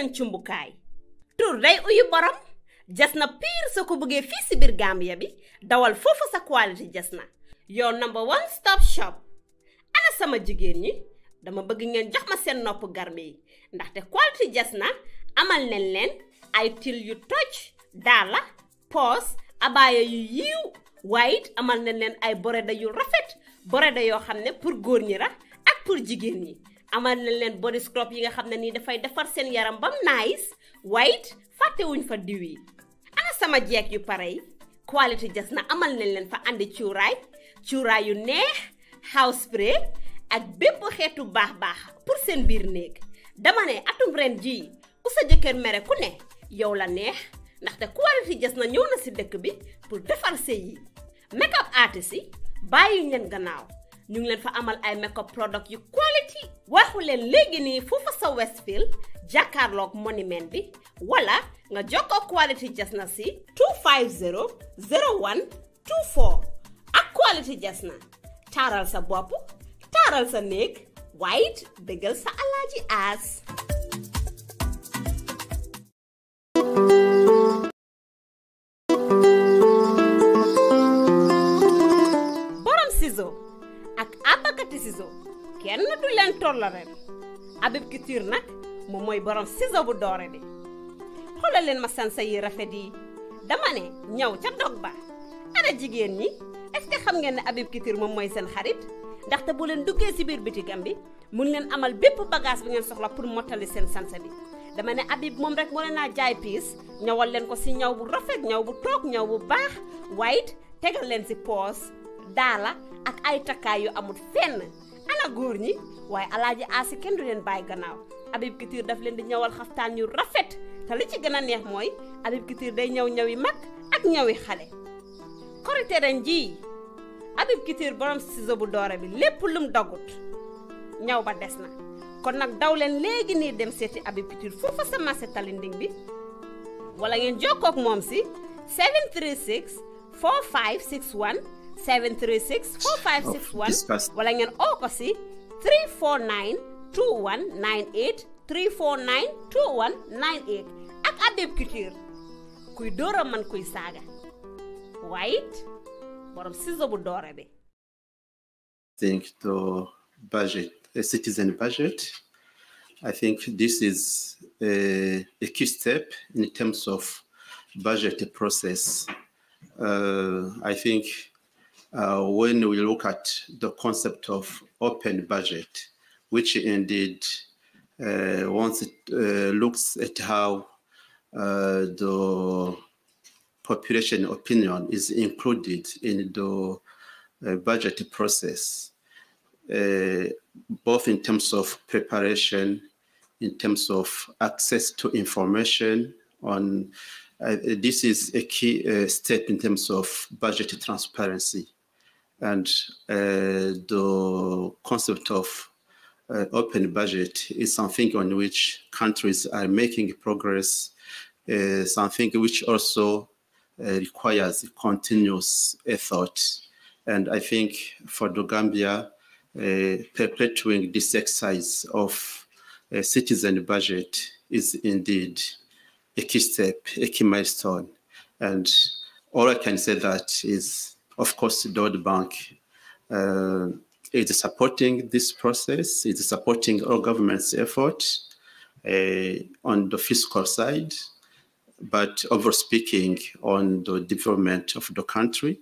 seen cumbukaay tur day uyu borom jas na piir soo ko bëggee fii si biir Gambia bi dawal foofu sa quality jas na your number one stop shop ana sama jigéen ñi dama bëgg ngeen jox ma seen nopp garme yi ndaxte quality jas na amal nañ leen ay til yu toj daala poos abaaya yu yiiw waaye amal nañ leen ay boreda yu rafet boreda yoo xam ne pour góor ñi la ak pour jigéen ñi amal na leen body scrub yi nga xam ne nii dafay defar seen yaram bam nice white fàttewuñ fa diw yi ana sama jeeg yu pare yi quality just na amal nañ leen fa andi cuuraay cuuraay yu neex house spray ak bépp xeetu baax baax pour seen biir néeg dama ne atum ren jii ku sa jëkkër mere ku ne yow la neex ndaxte quality just na ñëw na si dëkk bi pour defar sëy yi make up artist yi bàyyi leen gannaaw ñu ngi leen fa amal ay makeup product yu quality waxu leen léegi nii foofu sa Westfield jàkkaarloog monument bi wala nga jokkoo quality jasna si 250 01 24 ak quality jasna taaral sa bopp taaral sa néeg waaye bégal sa alaaji aas ñetti ciseau kenn du leen tollare abib couture nak moom mooy borom ciseau bu doore bi xoolal leen ma sansa yi rafet yi dama ne ñaw ca dog ba ana jigéen ñi est ce que xam ngeen ne abib couture moom mooy seen xarit ndaxte bu leen duggee si biir bitigam bi mun leen amal bépp bagage bi ngeen soxla pour mottali seen sansa bi dama ne abib moom rek mo leen naa jaay piis ñawal leen ko si ñaw bu rafet ñaw bu toog ñaw bu baax white tegal leen si poos daala ak ay takkaay yu amul fenn ana góor ñi waaye alaaji aasi kenn du leen bàyyi gannaaw Habib Couture daf leen di ñëwal xaftaan yu rafet te li ci gën a neex mooy Habib Couture day ñëw ñëwi mag ak ñëwi xale korite ren jii Habib Couture borom ciseau bu doore bi lépp lum dogut ñaw ba des na kon nag daw leen léegi nii dem seeti Habib Couture foofa sa marché Talinding bi wala ngeen jokkoo ak moom si foo 736 4561 736 4561 wala ngeen oo ko si 349 2198 349 2198 ak Habibe Couture kuy dóora man kuy saga. White. borom ciseau bu doore think to budget a citizen budget I think this is a, a key step in terms of budget process. Uh, I think uh, when we look at the concept of open budget, which indeed uh, once it uh, looks at how uh, the population opinion is included in the uh, budget process, uh, both in terms of preparation, in terms of access to information on uh, this is a key uh, step in terms of budget transparency. And uh, the concept of uh, open budget is something on which countries are making progress, uh, something which also requires continuous effort. And I think for the Gambia, uh, perpetuating this exercise of a citizen budget is indeed a key step, a key milestone. And all I can say that is of course, Dodd Bank uh, is supporting this process, is supporting our government's efforts uh, on the fiscal side, but overall speaking on the development of the country.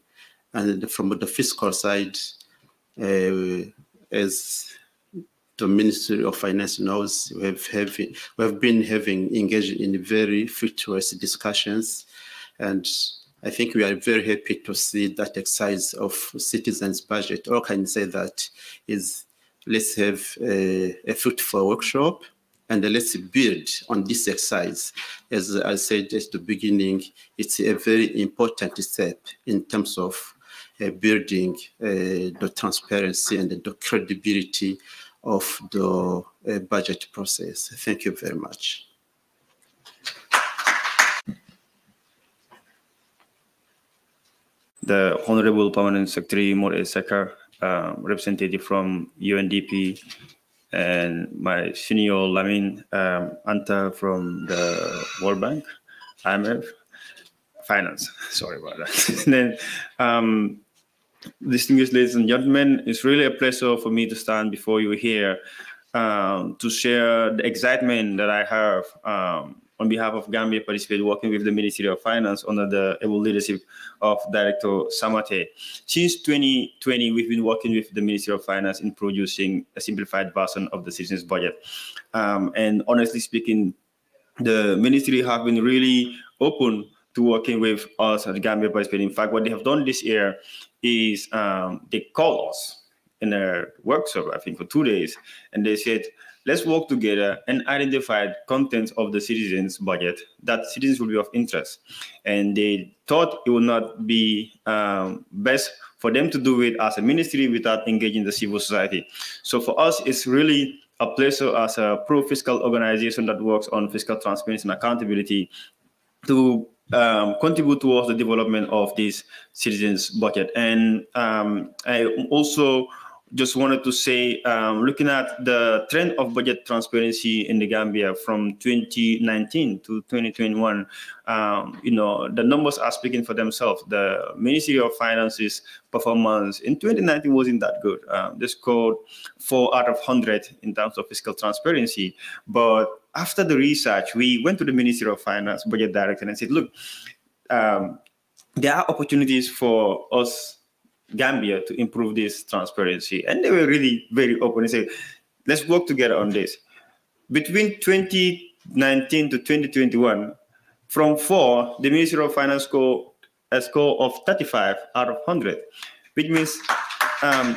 And from the fiscal side, uh, as the Ministry of Finance knows, we have, we have been having engaged in very fruitful discussions and I think we are very happy to see that exercise of citizens' budget, All can say that is let's have a, a fruitful workshop and let's build on this exercise. As I said at the beginning, it's a very important step in terms of uh, building uh, the transparency and the credibility of the uh, budget process. Thank you very much. the Honorable Permanent Secretary Mure Sekar, um, representative from UNDP, and my senior Lamin um, Anta from the World Bank, IMF, Finance. Sorry about that. then, um, distinguished ladies and gentlemen, it's really a pleasure for me to stand before you here um, to share the excitement that I have um, on behalf of Gambia participate working with the Ministry of Finance under the able leadership of Director Samate. Since 2020, we've been working with the Ministry of Finance in producing a simplified version of the citizens budget. Um, and honestly speaking, the ministry have been really open to working with us at Gambia Participate. In fact, what they have done this year is um, they called us in a workshop, I think, for two days, and they said, Let's work together and identify contents of the citizens' budget that citizens will be of interest. And they thought it would not be um, best for them to do it as a ministry without engaging the civil society. So for us, it's really a place as a pro-fiscal organization that works on fiscal transparency and accountability to um, contribute towards the development of this citizens' budget. And um, I also just wanted to say, um, looking at the trend of budget transparency in the Gambia from 2019 to 2021, um, you know, the numbers are speaking for themselves. The Ministry of Finance's performance in 2019 wasn't that good. Um, they scored four out of 100 in terms of fiscal transparency. But after the research, we went to the Ministry of Finance budget director and said, look, um, there are opportunities for us Gambia to improve this transparency. And they were really very open and said, let's work together on this. Between 2019 to 2021, from four, the Ministry of Finance score a score of 35 out of 100, which means um,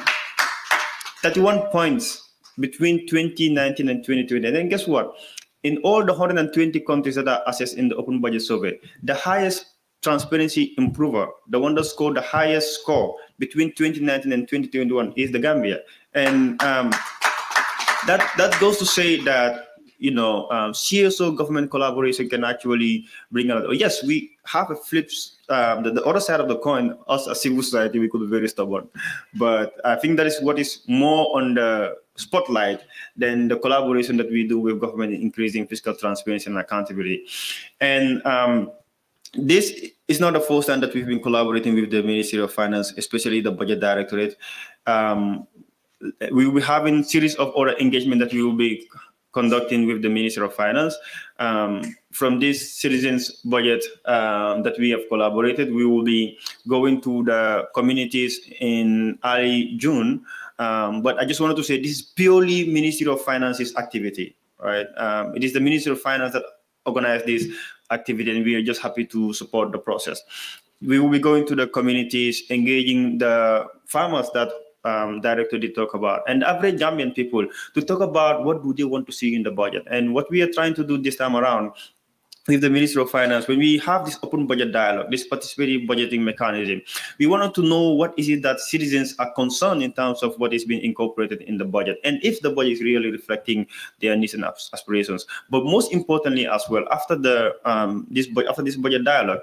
31 points between 2019 and 2020. And then guess what? In all the 120 countries that are assessed in the open budget survey, the highest transparency improver. The one that scored the highest score between 2019 and 2021 is the Gambia. And um, that, that goes to say that you know, um, CSO government collaboration can actually bring a lot. Oh, yes, we have a flip, um, the, the, other side of the coin, us as civil society, we could be very stubborn. But I think that is what is more on the spotlight than the collaboration that we do with government increasing fiscal transparency and accountability. And um, this is not the first time that we've been collaborating with the Ministry of Finance, especially the Budget Directorate. Um, we will be having series of other engagement that we will be conducting with the Minister of Finance. Um, from this citizens budget um, that we have collaborated, we will be going to the communities in early June. Um, but I just wanted to say this is purely Ministry of Finance's activity, right? Um, it is the Ministry of Finance that organized this activity, and we are just happy to support the process. We will be going to the communities, engaging the farmers that um, directly talk about and average Gambian people to talk about what do they want to see in the budget. And what we are trying to do this time around with the Minister of Finance, when we have this open budget dialogue, this participatory budgeting mechanism, we wanted to know what is it that citizens are concerned in terms of what is being incorporated in the budget and if the budget is really reflecting their needs and aspirations. But most importantly, as well, after the um, this after this budget dialogue,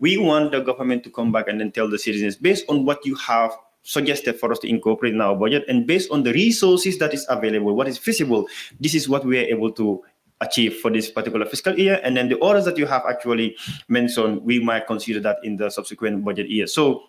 we want the government to come back and then tell the citizens based on what you have suggested for us to incorporate in our budget and based on the resources that is available what is feasible this is what we are able to achieve for this particular fiscal year. And then the orders that you have actually mentioned, we might consider that in the subsequent budget year. So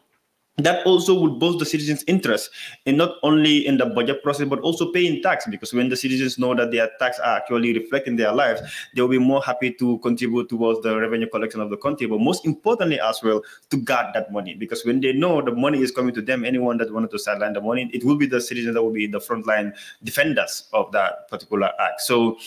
that also would boost the citizens' interest in not only in the budget process but also paying tax because when the citizens know that their tax are actually reflecting their lives, they'll be more happy to contribute towards the revenue collection of the country. But most importantly, as well, to guard that money because when they know the money is coming to them, anyone that wanted to sideline the money, it will be the citizens that will be the frontline defenders of that particular act. So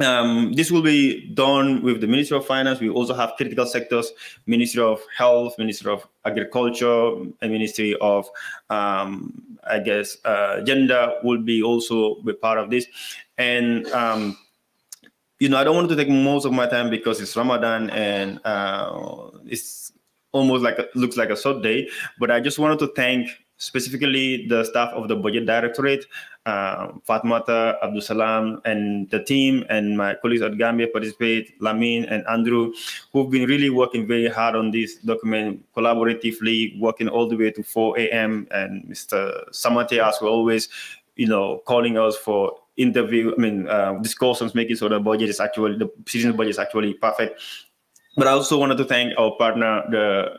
um, this will be done with the Ministry of Finance. We also have critical sectors, Ministry of Health, Ministry of Agriculture, and Ministry of, um, I guess, uh, Gender will be also be part of this. And, um, you know, I don't want to take most of my time because it's Ramadan and uh, it's almost like a, looks like a short day, but I just wanted to thank specifically the staff of the budget directorate, uh, Fatmata, Abdul Salam, and the team, and my colleagues at Gambia participate, Lamin and Andrew, who've been really working very hard on this document, collaboratively, working all the way to 4 a.m. And Mr. Samate, as always, you know, calling us for interview, I mean, uh, discussions, making sure the budget is actually, the citizen budget is actually perfect but I also wanted to thank our partner, the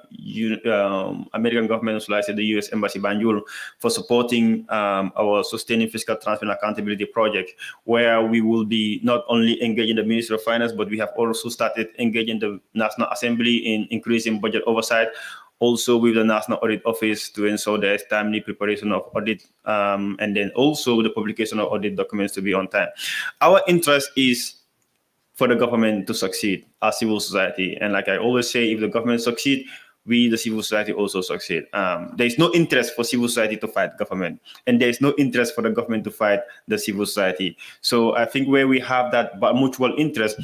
um, American government, so the U.S. Embassy Banjul, for supporting um, our Sustaining Fiscal Transfer and Accountability Project, where we will be not only engaging the Ministry of Finance, but we have also started engaging the National Assembly in increasing budget oversight, also with the National Audit Office to ensure there's timely preparation of audit um, and then also the publication of audit documents to be on time. Our interest is for the government to succeed as civil society. And like I always say, if the government succeed, we the civil society also succeed. Um, there is no interest for civil society to fight government, and there is no interest for the government to fight the civil society. So I think where we have that mutual interest,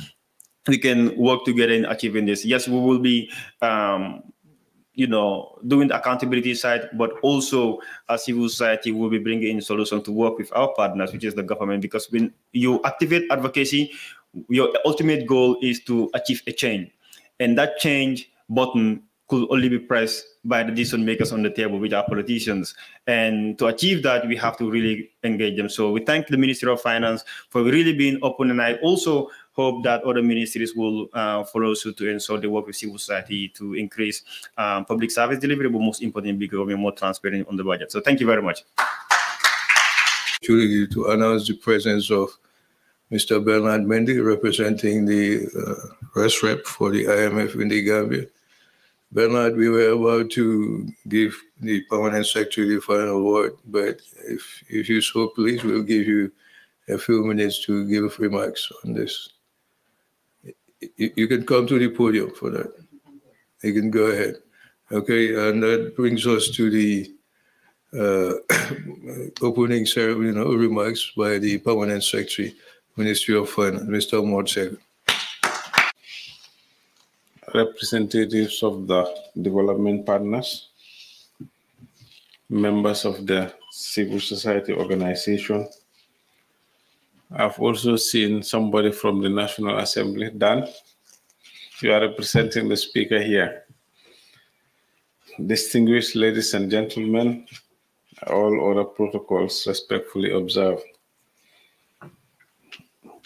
we can work together in achieving this. Yes, we will be. Um, you know, doing the accountability side, but also as civil society will be bringing in solution to work with our partners, which is the government, because when you activate advocacy, your ultimate goal is to achieve a change. And that change button could only be pressed by the decision makers on the table, which are politicians. And to achieve that, we have to really engage them. So we thank the Ministry of Finance for really being open. And I also hope that other ministries will uh, follow suit to ensure they work with civil society to increase um, public service delivery, but most importantly, becoming more transparent on the budget. So thank you very much. To announce the presence of Mr. Bernard Mendy, representing the uh, press rep for the IMF in the Gambia. Bernard, we were about to give the permanent secretary the final word, but if, if you so please, we'll give you a few minutes to give remarks on this. You, you can come to the podium for that. You can go ahead. Okay, and that brings us to the uh, opening ceremony, you know, remarks by the permanent secretary. Ministry of Finance, Mr. Mordsev. Representatives of the development partners, members of the civil society organization. I've also seen somebody from the National Assembly. Dan, you are representing the speaker here. Distinguished ladies and gentlemen, all other protocols respectfully observed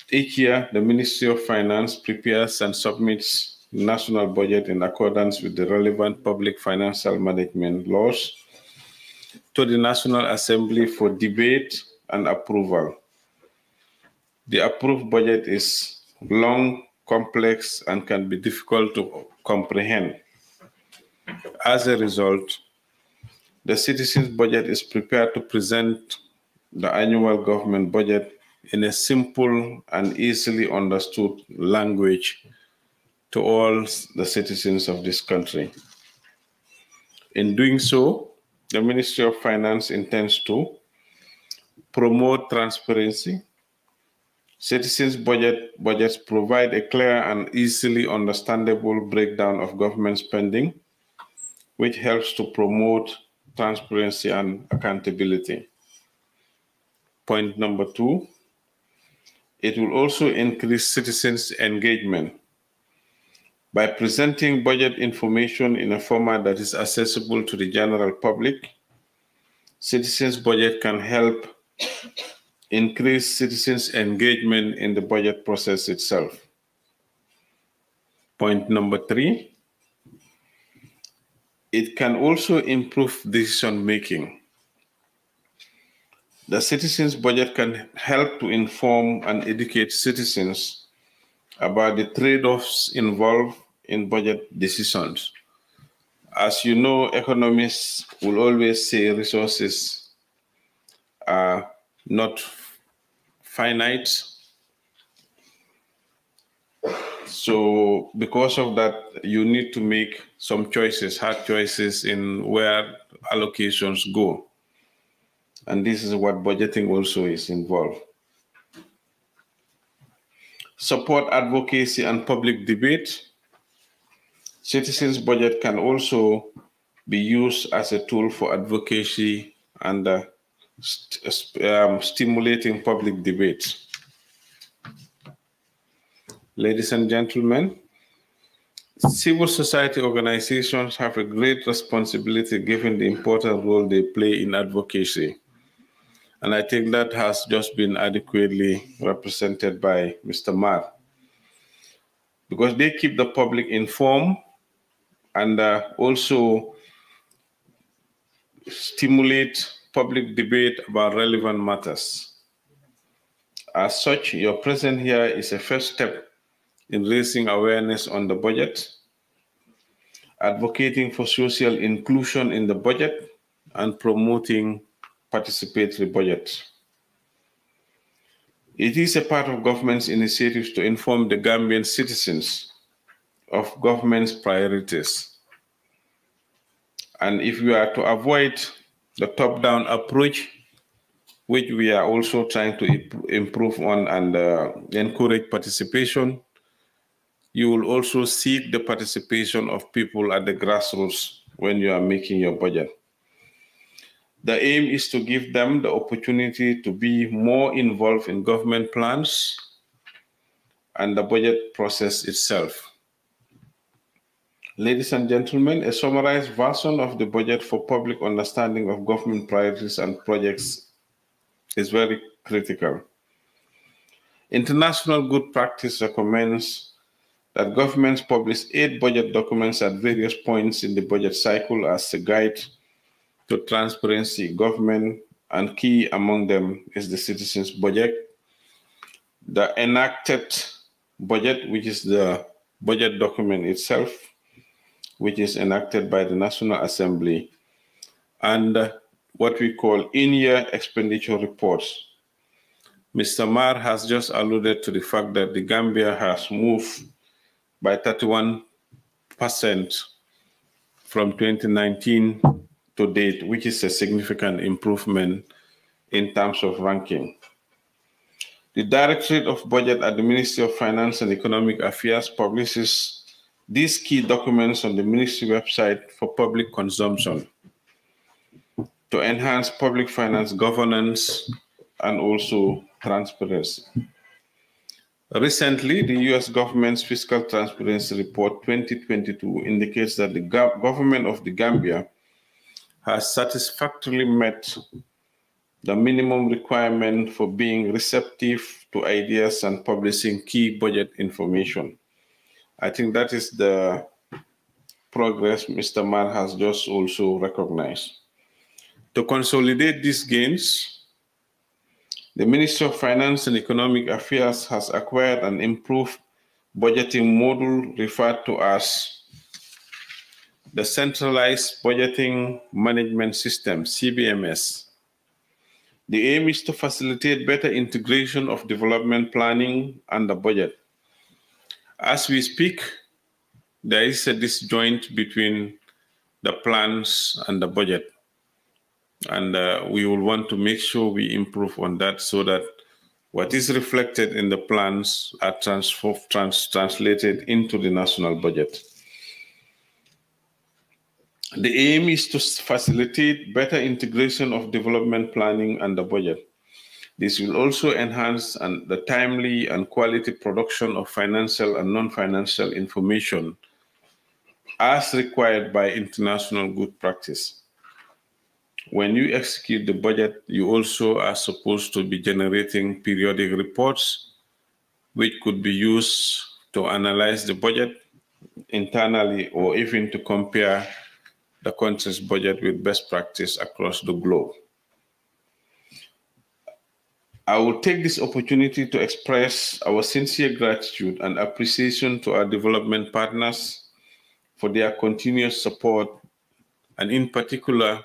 each year, the Ministry of Finance prepares and submits national budget in accordance with the relevant public financial management laws to the National Assembly for debate and approval. The approved budget is long, complex, and can be difficult to comprehend. As a result, the citizens' budget is prepared to present the annual government budget in a simple and easily understood language to all the citizens of this country. In doing so, the Ministry of Finance intends to promote transparency. Citizens' budget, budgets provide a clear and easily understandable breakdown of government spending, which helps to promote transparency and accountability. Point number two it will also increase citizens' engagement by presenting budget information in a format that is accessible to the general public. Citizens' budget can help increase citizens' engagement in the budget process itself. Point number three, it can also improve decision making the citizens' budget can help to inform and educate citizens about the trade offs involved in budget decisions. As you know, economists will always say resources are not finite. So, because of that, you need to make some choices, hard choices in where allocations go. And this is what budgeting also is involved. Support advocacy and public debate. Citizens' budget can also be used as a tool for advocacy and uh, st um, stimulating public debate. Ladies and gentlemen, civil society organizations have a great responsibility given the important role they play in advocacy. And I think that has just been adequately represented by Mr. Marr. Because they keep the public informed and uh, also stimulate public debate about relevant matters. As such, your presence here is a first step in raising awareness on the budget, advocating for social inclusion in the budget, and promoting participatory budget. It is a part of government's initiatives to inform the Gambian citizens of government's priorities. And if we are to avoid the top down approach, which we are also trying to improve on and uh, encourage participation, you will also seek the participation of people at the grassroots when you are making your budget. The aim is to give them the opportunity to be more involved in government plans and the budget process itself. Ladies and gentlemen, a summarized version of the budget for public understanding of government priorities and projects is very critical. International good practice recommends that governments publish eight budget documents at various points in the budget cycle as a guide to transparency government, and key among them is the citizens' budget. The enacted budget, which is the budget document itself, which is enacted by the National Assembly, and uh, what we call in year expenditure reports. Mr. Mar has just alluded to the fact that the Gambia has moved by 31% from 2019 to date, which is a significant improvement in terms of ranking. The Directorate of Budget at the Ministry of Finance and Economic Affairs publishes these key documents on the ministry website for public consumption to enhance public finance governance and also transparency. Recently, the US government's Fiscal Transparency Report 2022 indicates that the government of the Gambia has satisfactorily met the minimum requirement for being receptive to ideas and publishing key budget information. I think that is the progress Mr. Mann has just also recognized. To consolidate these gains, the Ministry of Finance and Economic Affairs has acquired an improved budgeting model referred to as the Centralized Budgeting Management System, CBMS. The aim is to facilitate better integration of development planning and the budget. As we speak, there is a disjoint between the plans and the budget. And uh, we will want to make sure we improve on that so that what is reflected in the plans are trans translated into the national budget. The aim is to facilitate better integration of development planning and the budget. This will also enhance and the timely and quality production of financial and non-financial information as required by international good practice. When you execute the budget, you also are supposed to be generating periodic reports, which could be used to analyze the budget internally or even to compare the country's budget with best practice across the globe. I will take this opportunity to express our sincere gratitude and appreciation to our development partners for their continuous support. And in particular,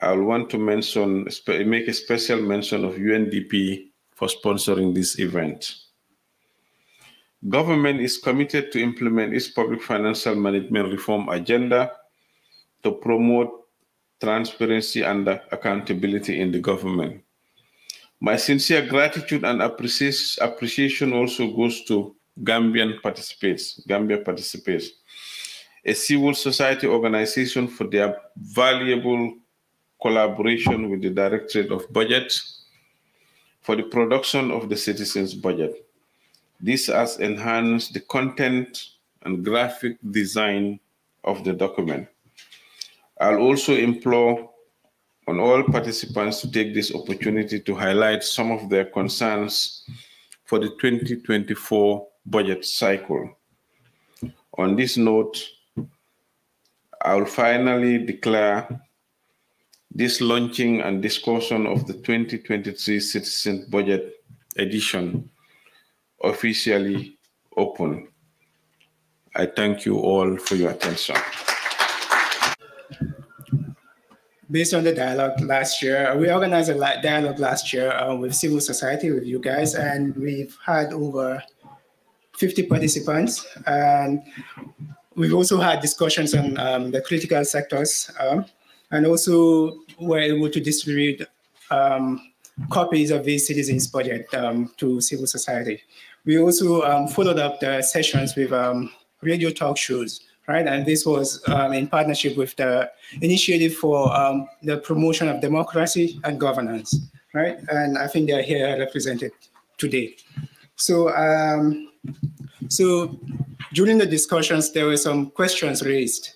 I want to mention, make a special mention of UNDP for sponsoring this event. Government is committed to implement its public financial management reform agenda to promote transparency and accountability in the government. My sincere gratitude and appreciation also goes to Gambian participants, Gambia participants, a civil society organization for their valuable collaboration with the Directorate of Budget for the production of the citizens' budget. This has enhanced the content and graphic design of the document. I'll also implore on all participants to take this opportunity to highlight some of their concerns for the 2024 budget cycle. On this note, I'll finally declare this launching and discussion of the 2023 Citizen Budget Edition officially open. I thank you all for your attention based on the dialogue last year, we organized a dialogue last year uh, with civil society, with you guys, and we've had over 50 participants. And we've also had discussions on um, the critical sectors. Um, and also were able to distribute um, copies of the citizens budget um, to civil society. We also um, followed up the sessions with um, radio talk shows right? And this was um, in partnership with the Initiative for um, the Promotion of Democracy and Governance, right? And I think they're here represented today. So, um, so during the discussions, there were some questions raised.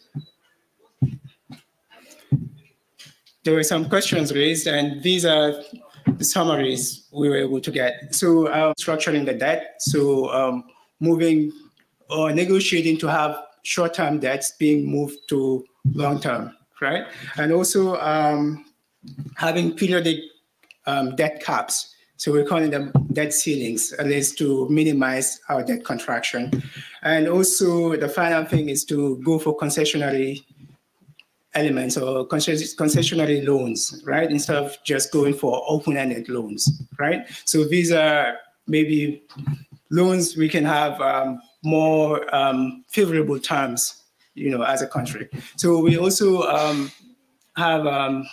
There were some questions raised, and these are the summaries we were able to get. So, um, structuring the debt, so um, moving or negotiating to have short-term debts being moved to long-term, right? And also um, having periodic um, debt caps. So we're calling them debt ceilings, at least to minimize our debt contraction. And also the final thing is to go for concessionary elements or concessionary loans, right? Instead of just going for open-ended loans, right? So these are maybe loans we can have um, more um, favorable terms, you know, as a country. So we also um, have um,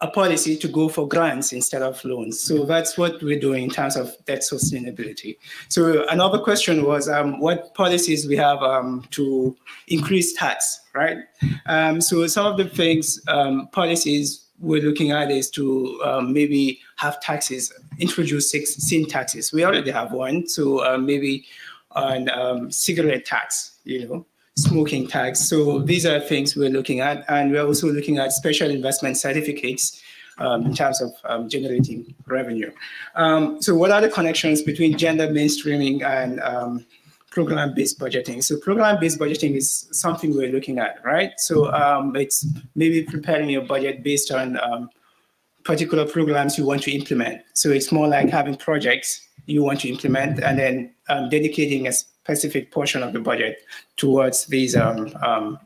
a policy to go for grants instead of loans. So that's what we're doing in terms of debt sustainability. So another question was um, what policies we have um, to increase tax, right? Um, so some of the things, policies we're looking at is to um, maybe have taxes, introduce six sin taxes. We already have one, so maybe on um, cigarette tax, you know, smoking tax. So these are things we're looking at. And we're also looking at special investment certificates um, in terms of um, generating revenue. Um, so what are the connections between gender mainstreaming and um, program-based budgeting? So program-based budgeting is something we're looking at, right? So um, it's maybe preparing your budget based on particular programs you want to implement. So it's more like having projects you want to implement and then um, dedicating a specific portion of the budget towards these um, um,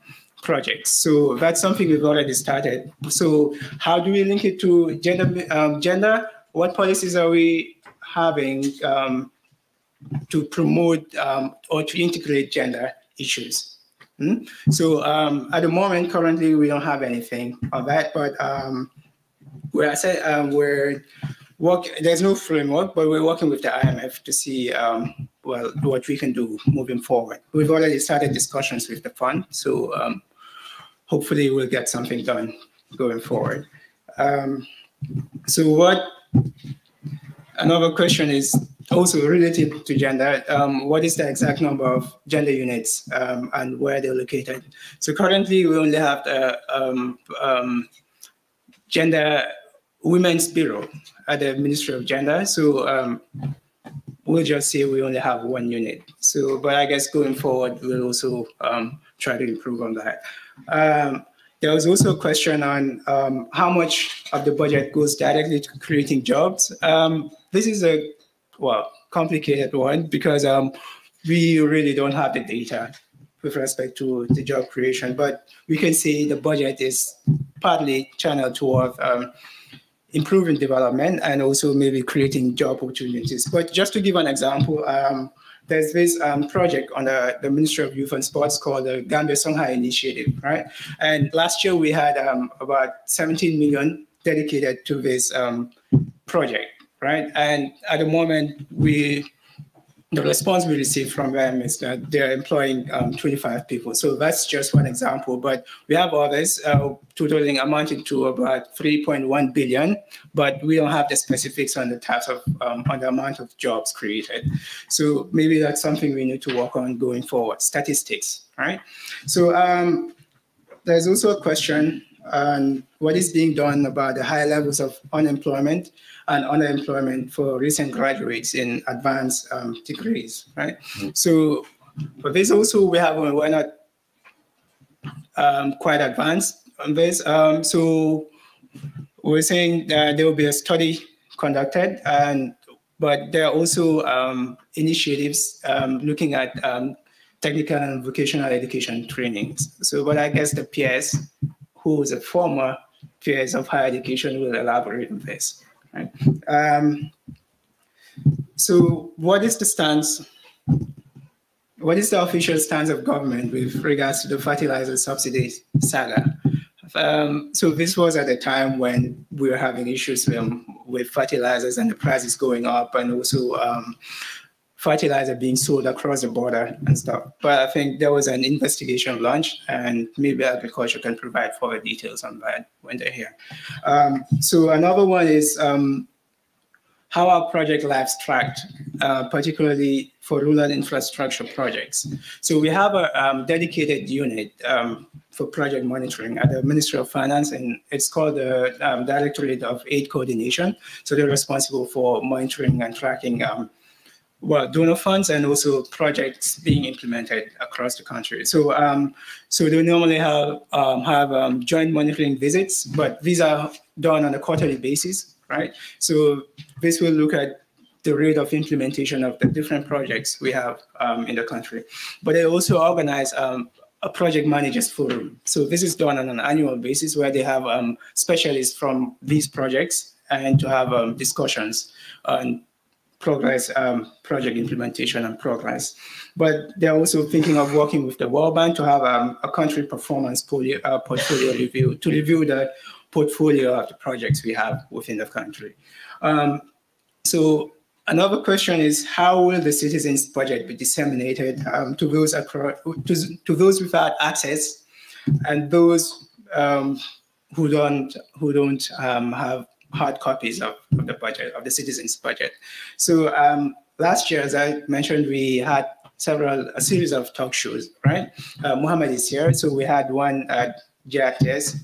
projects. So that's something we've already started. So how do we link it to gender? Um, gender? What policies are we having um, to promote um, or to integrate gender issues? Hmm? So at the moment, currently, we don't have anything on that, but where I said um, we're work there's no framework but we're working with the imf to see um, well what we can do moving forward we've already started discussions with the fund so um, hopefully we'll get something done going forward um, so what another question is also related to gender um, what is the exact number of gender units um, and where they're located so currently we only have the um, gender Women's Bureau at the Ministry of Gender. So um, we'll just say we only have one unit. So, but I guess going forward, we'll also um, try to improve on that. Um, there was also a question on um, how much of the budget goes directly to creating jobs. Um, this is a, well, complicated one because um, we really don't have the data with respect to the job creation, but we can see the budget is partly channeled toward um, improving development and also maybe creating job opportunities. But just to give an example, um, there's this um, project on the, the, Ministry of Youth and Sports called the Gambia Songhai Initiative, right? And last year we had um, about 17 million dedicated to this um, project, right? And at the moment we the response we received from them is that they're employing um, 25 people. So that's just one example, but we have others uh, totaling amounting to about 3.1 billion, but we don't have the specifics on the types of, um, on the amount of jobs created. So maybe that's something we need to work on going forward, statistics, right? So um, there's also a question on what is being done about the high levels of unemployment and unemployment for recent graduates in advanced um, degrees, right? Mm-hmm. So for this also, we have, um, we're not um, quite advanced on this. Um, so we're saying that there will be a study conducted and but there are also um, initiatives um, looking at um, technical and vocational education trainings. So, but I guess the PS, who is a former PS of higher education, will elaborate on this. Um, so what is the stance? What is the official stance of government with regards to the fertilizer subsidy saga? Um, so this was at a time when we were having issues with, um, with fertilizers and the prices going up and also um, fertilizer being sold across the border and stuff. But I think there was an investigation launched, and maybe agriculture can provide further details on that when they're here. Um, so another one is um, how our project lives tracked, uh, particularly for rural infrastructure projects. So we have a um, dedicated unit um, for project monitoring at the Ministry of Finance, and it's called the um, Directorate of Aid Coordination. So they're responsible for monitoring and tracking um, well, donor funds and also projects being implemented across the country. So, um, so they normally have um, have um, joint monitoring visits, but these are done on a quarterly basis, right? So, this will look at the rate of implementation of the different projects we have um, in the country. But they also organize um, a project managers forum. So this is done on an annual basis where they have um, specialists from these projects and to have discussions and progress um, project implementation and progress. But they're also thinking of working with the World Bank to have um, a country performance portfolio, uh, portfolio review to review the portfolio of the projects we have within the country. Um, so another question is how will the citizens budget be disseminated um, to those across, to, to, those without access and those um, who don't who don't um, have hard copies of, of the budget, of the citizens' budget. So um, last year, as I mentioned, we had several, a series of talk shows, right? Uh, Muhammad is here. So we had one at GRTS,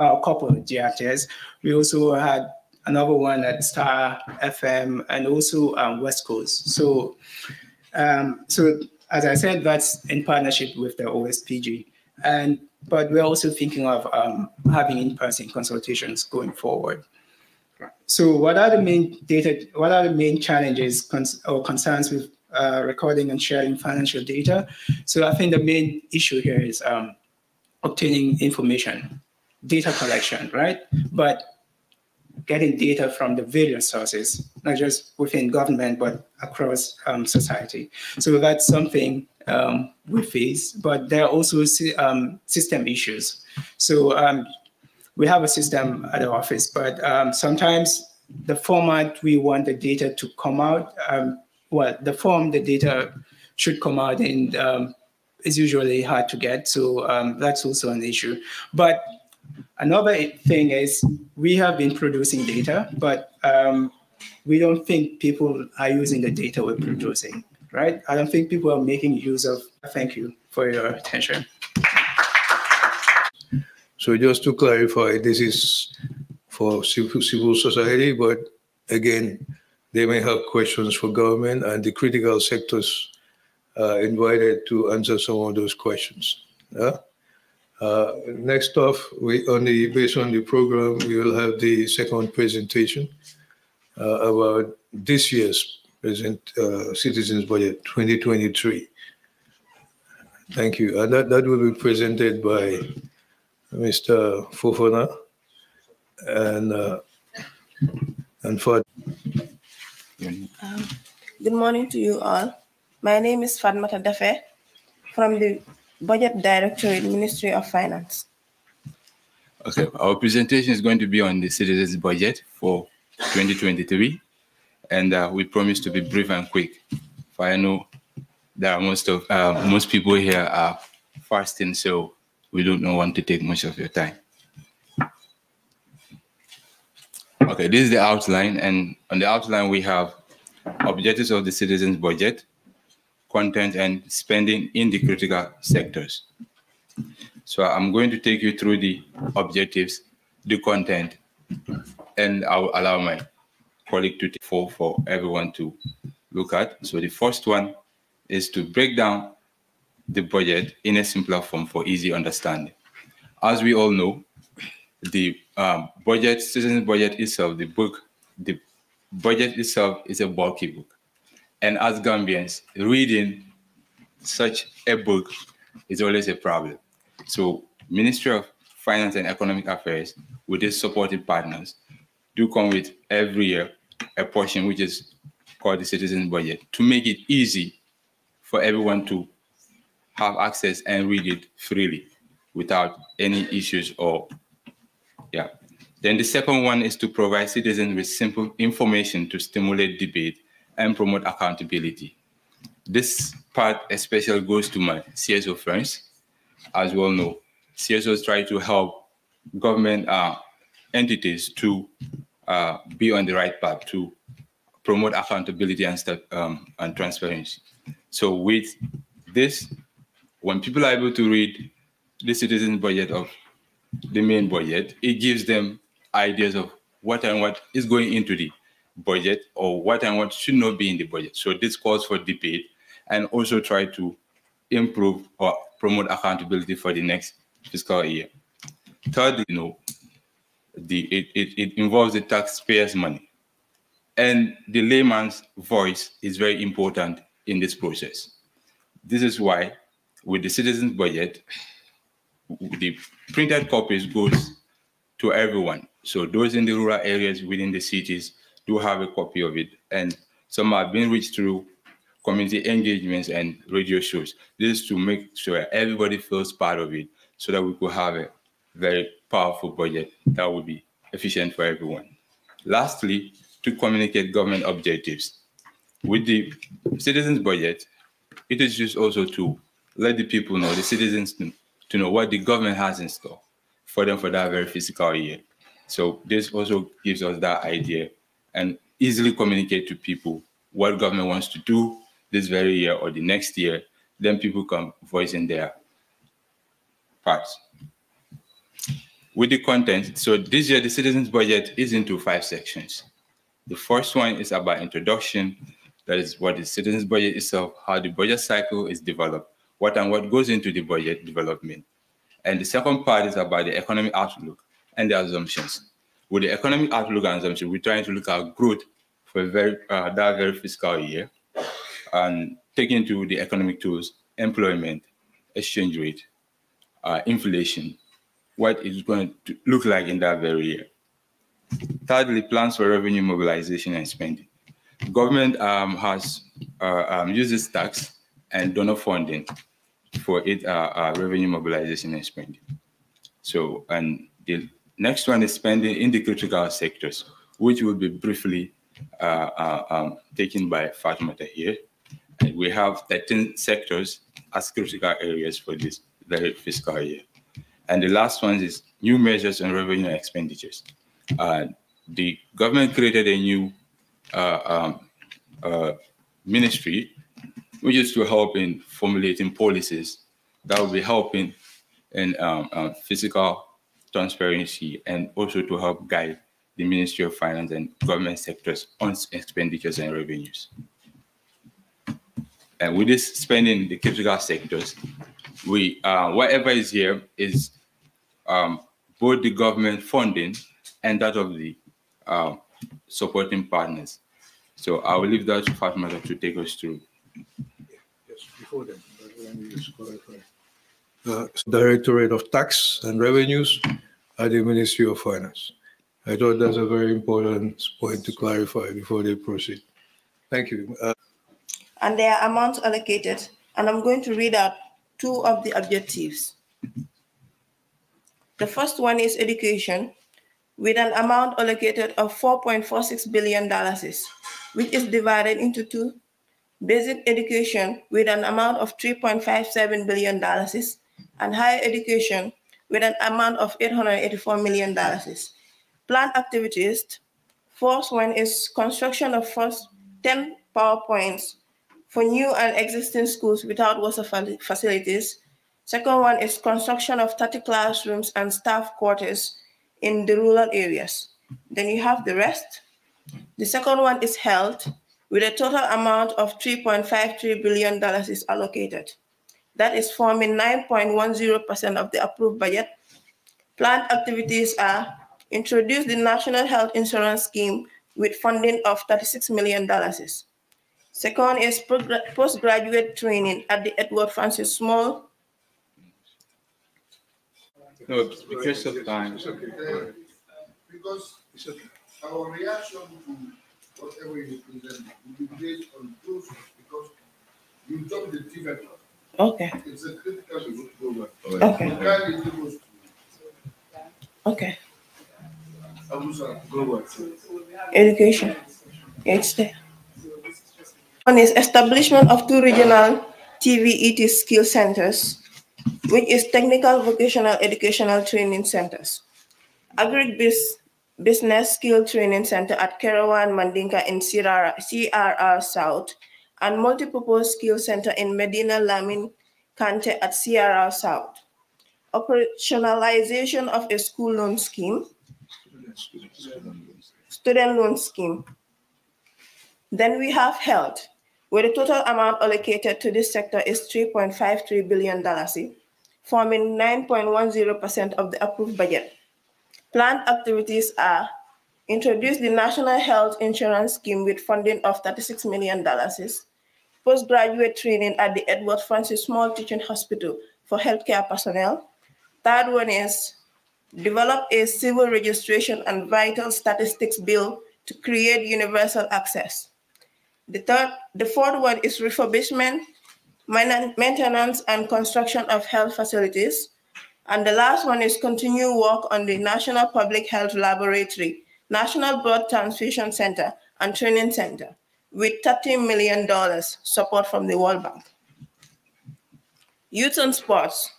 uh, a couple of GRTS. We also had another one at Star FM and also um, West Coast. So, um, so as I said, that's in partnership with the OSPG. And, but we're also thinking of um, having in-person consultations going forward. So what are the main data, what are the main challenges cons or concerns with uh, recording and sharing financial data? So I think the main issue here is um, obtaining information, data collection, right? But getting data from the various sources, not just within government, but across um, society. So that's something um, we face, but there are also um, system issues. So um, we have a system at the office, but um, sometimes the format we want the data to come out, um, well, the form the data should come out in um, is usually hard to get. So um, that's also an issue. But another thing is we have been producing data, but um, we don't think people are using the data we're producing, right? I don't think people are making use of. Thank you for your attention. So just to clarify, this is for civil society, but again, they may have questions for government and the critical sectors uh, invited to answer some of those questions. Yeah? Uh, next off, we on the based on the program, we will have the second presentation uh, about this year's present uh, citizens budget 2023. Thank you, and that, that will be presented by Mr. Fofana, and uh, and for. Um, good morning to you all. My name is Fatmata Dafe from the Budget Directorate, Ministry of Finance. Okay, our presentation is going to be on the citizens' budget for 2023, and uh, we promise to be brief and quick. For I know that most of uh, most people here are fasting, so we do not want to take much of your time. Okay, this is the outline, and on the outline we have objectives of the citizens' budget, content, and spending in the critical sectors. So I'm going to take you through the objectives, the content, and I will allow my colleague to take for everyone to look at. So the first one is to break down the budget in a simpler form for easy understanding. As we all know, the um, budget, citizen budget itself, the book, the budget itself is a bulky book. And as Gambians, reading such a book is always a problem. So Ministry of Finance and Economic Affairs, with its supporting partners, do come with every year a portion which is called the citizen budget to make it easy for everyone to have access and read it freely without any issues or yeah. Then the second one is to provide citizens with simple information to stimulate debate and promote accountability. This part especially goes to my CSO friends. As all know, CSOs try to help government uh, entities to uh, be on the right path to promote accountability and, um, and transparency. So with this, when people are able to read the citizen budget of the main budget, it gives them ideas of what and what is going into the budget or what and what should not be in the budget. So this calls for debate and also try to improve or promote accountability for the next fiscal year. Third, you know, the it, it, it involves the taxpayers' money. And the layman's voice is very important in this process. This is why with the citizens budget, the printed copies goes to everyone. So those in the rural areas within the cities do have a copy of it. And some have been reached through community engagements and radio shows. This is to make sure everybody feels part of it so that we could have a very powerful budget that would be efficient for everyone. Lastly, to communicate government objectives. With the citizens budget, it is used also to let the people know, the citizens to know what the government has in store for them for that very fiscal year. So this also gives us that idea and easily communicate to people what government wants to do this very year or the next year. Then people can voice in their parts. With the content, so this year the citizens budget is into five sections. The first one is about introduction. That is what the citizens budget itself, how the budget cycle is developed what and what goes into the budget development. And the second part is about the economic outlook and the assumptions. With the economic outlook and assumptions, we're trying to look at growth for very, uh, that very fiscal year and taking into the economic tools, employment, exchange rate, uh, inflation, what it's going to look like in that very year. Thirdly, plans for revenue mobilization and spending. Government um, has uh, um, used this tax and donor funding for it uh, uh, revenue mobilization and spending. So, and the next one is spending in the critical sectors, which will be briefly uh, uh, um, taken by Fatmata here. And we have 13 sectors as critical areas for this very fiscal year. And the last one is new measures on revenue expenditures. Uh, the government created a new uh, um, ministry which is to help in formulating policies that will be helping in um, uh, physical transparency and also to help guide the Ministry of Finance and government sectors on expenditures and revenues. And with this spending the critical sectors, we uh, whatever is here is um, both the government funding and that of the uh, supporting partners. So I will leave that to Fatima to take us through withholding, uh, Directorate of Tax and Revenues at the Ministry of Finance. I thought that's a very important point to clarify before they proceed. Thank you. Uh, and there are amounts allocated, and I'm going to read out two of the objectives. The first one is education, with an amount allocated of $4.46 billion, which is divided into two basic education with an amount of $3.57 billion and higher education with an amount of $884 million. Planned activities, first one is construction of first 10 power points for new and existing schools without water facilities. Second one is construction of 30 classrooms and staff quarters in the rural areas. Then you have the rest. The second one is health, with a total amount of $3.53 billion is allocated. That is forming 9.10% of the approved budget. Planned activities are introduce the National Health Insurance Scheme with funding of $36 million. Second is postgraduate training at the Edward Francis Small. No, because of time. Because our reaction to whatever you present, will be based on because you the Okay. It's a critical program. Okay. You can't Okay. Education. it's there. One is establishment of two regional TVET skill centers, which is technical vocational educational training centers. agribusiness. Business Skill Training Center at Kerawan Mandinka in CRR, CRR South, and Multipurpose Skill Center in Medina Lamin Kante at CRR South. Operationalization of a school loan scheme, student loan scheme. Then we have health, where the total amount allocated to this sector is $3.53 billion, forming 9.10% of the approved budget. Planned activities are introduce the National Health Insurance Scheme with funding of $36 million, postgraduate training at the Edward Francis Small Teaching Hospital for healthcare personnel. Third one is develop a civil registration and vital statistics bill to create universal access. The, third, the fourth one is refurbishment, maintenance, and construction of health facilities. And the last one is continue work on the National Public Health Laboratory, National Blood Transfusion Center, and Training Center with $13 million support from the World Bank. Youth and sports.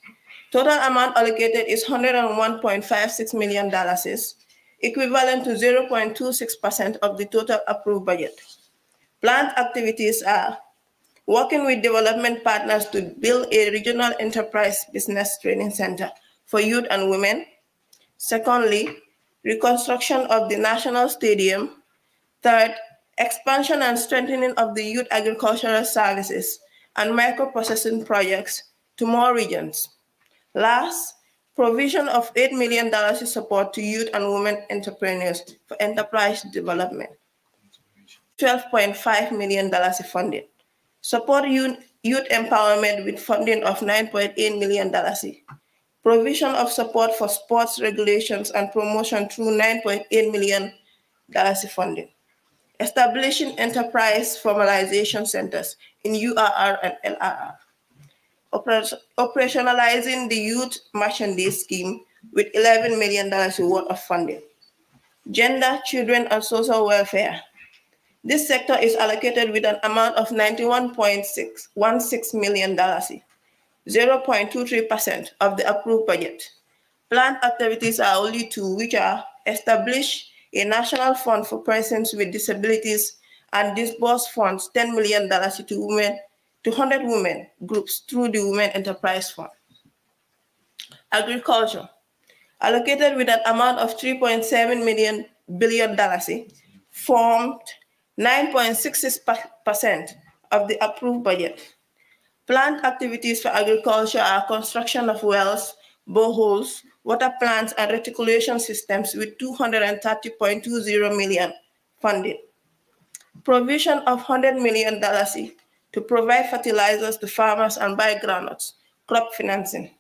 Total amount allocated is $101.56 million, equivalent to 0.26% of the total approved budget. Planned activities are working with development partners to build a regional enterprise business training center for youth and women. Secondly, reconstruction of the national stadium. Third, expansion and strengthening of the youth agricultural services and microprocessing projects to more regions. Last, provision of $8 million in support to youth and women entrepreneurs for enterprise development. $12.5 million in funding. Support youth, empowerment with funding of $9.8 million. Provision of support for sports regulations and promotion through $9.8 million funding. Establishing enterprise formalization centers in URR and LRR. Operationalizing the youth merchandise scheme with $11 million worth of funding. Gender, children, and social welfare this sector is allocated with an amount of $91.16 million, 0.23% of the approved budget. Planned activities are only two, which are establish a national fund for persons with disabilities and disburse funds $10 million to women, to 100 women groups through the Women Enterprise Fund. Agriculture, allocated with an amount of $3.7 million billion dollars, formed 9.66% of the approved budget. Planned activities for agriculture are construction of wells, boreholes, water plants, and reticulation systems with 230.20 million funded. Provision of $100 million to provide fertilizers to farmers and buy granules, crop financing.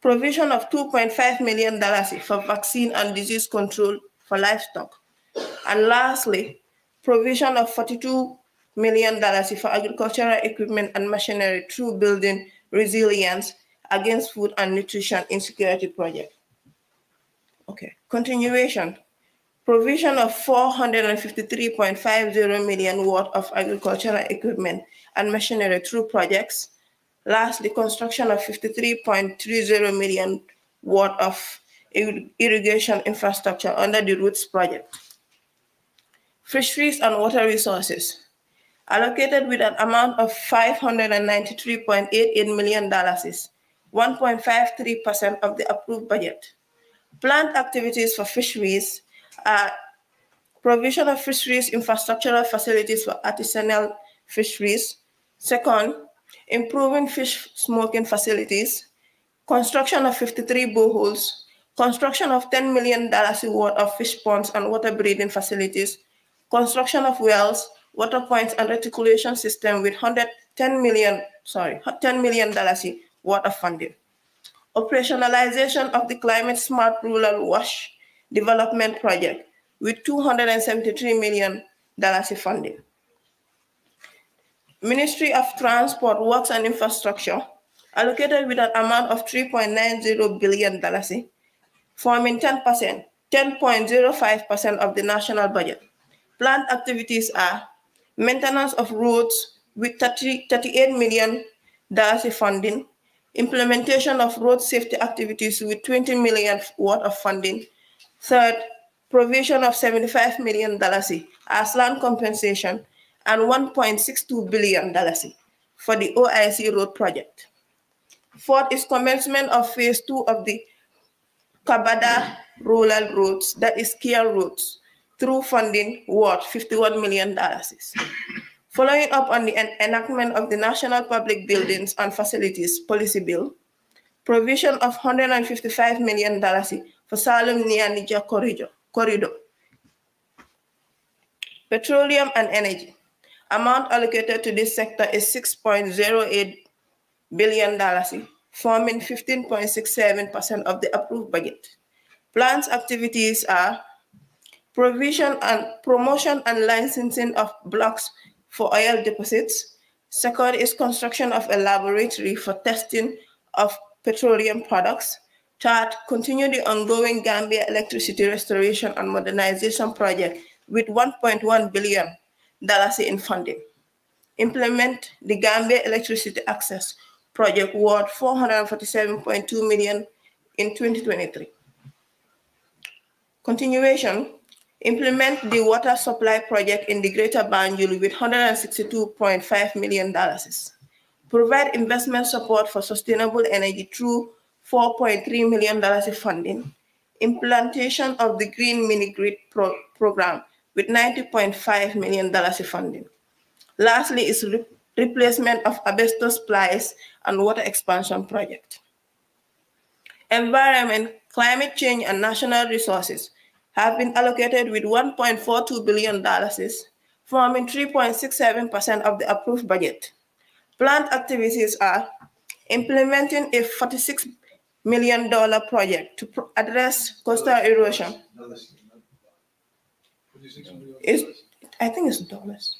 Provision of $2.5 million for vaccine and disease control for livestock. And lastly, provision of $42 million for agricultural equipment and machinery through building resilience against food and nutrition insecurity project. Okay, continuation. Provision of 453.50 million worth of agricultural equipment and machinery through projects. Lastly, construction of 53.30 million worth of irrigation infrastructure under the Roots project fisheries and water resources, allocated with an amount of $593.88 million, 1.53% of the approved budget. Planned activities for fisheries are provision of fisheries infrastructural facilities for artisanal fisheries. Second, improving fish smoking facilities, construction of 53 boreholes, construction of $10 million worth of fish ponds and water breeding facilities construction of wells, water points, and reticulation system with 110 million, sorry, 10 million dollars water funding. Operationalization of the climate smart rural wash development project with 273 million dollars funding. Ministry of Transport, Works and Infrastructure allocated with an amount of 3.90 billion dollars, forming 10%, 10.05% of the national budget. Planned activities are maintenance of roads with 30, 38 million DASI funding, implementation of road safety activities with 20 million worth of funding. Third, provision of 75 million dollars as land compensation and 1.62 billion dollars for the OIC road project. Fourth is commencement of phase two of the Kabada Rural Roads, that is KIA roads, through funding worth $51 million. Following up on the en enactment of the National Public Buildings and Facilities Policy Bill, provision of $155 million for Salem Nianija corridor, corridor. Petroleum and energy. Amount allocated to this sector is $6.08 billion, forming 15.67% of the approved budget. Plans activities are provision and promotion and licensing of blocks for oil deposits. Second is construction of a laboratory for testing of petroleum products. Third, continue the ongoing Gambia electricity restoration and modernization project with 1.1 billion dollars in funding. Implement the Gambia electricity access project worth 447.2 million in 2023. Continuation, implement the water supply project in the Greater Banjul with $162.5 million, provide investment support for sustainable energy through $4.3 million in funding, implantation of the Green Mini Grid pro program with $90.5 million in funding. Lastly is re replacement of asbestos supplies and water expansion project. Environment, climate change, and national resources have been allocated with $1.42 billion, forming 3.67% of the approved budget. Plant activities are implementing a $46 million project to address coastal erosion. It's, I think it's dollars.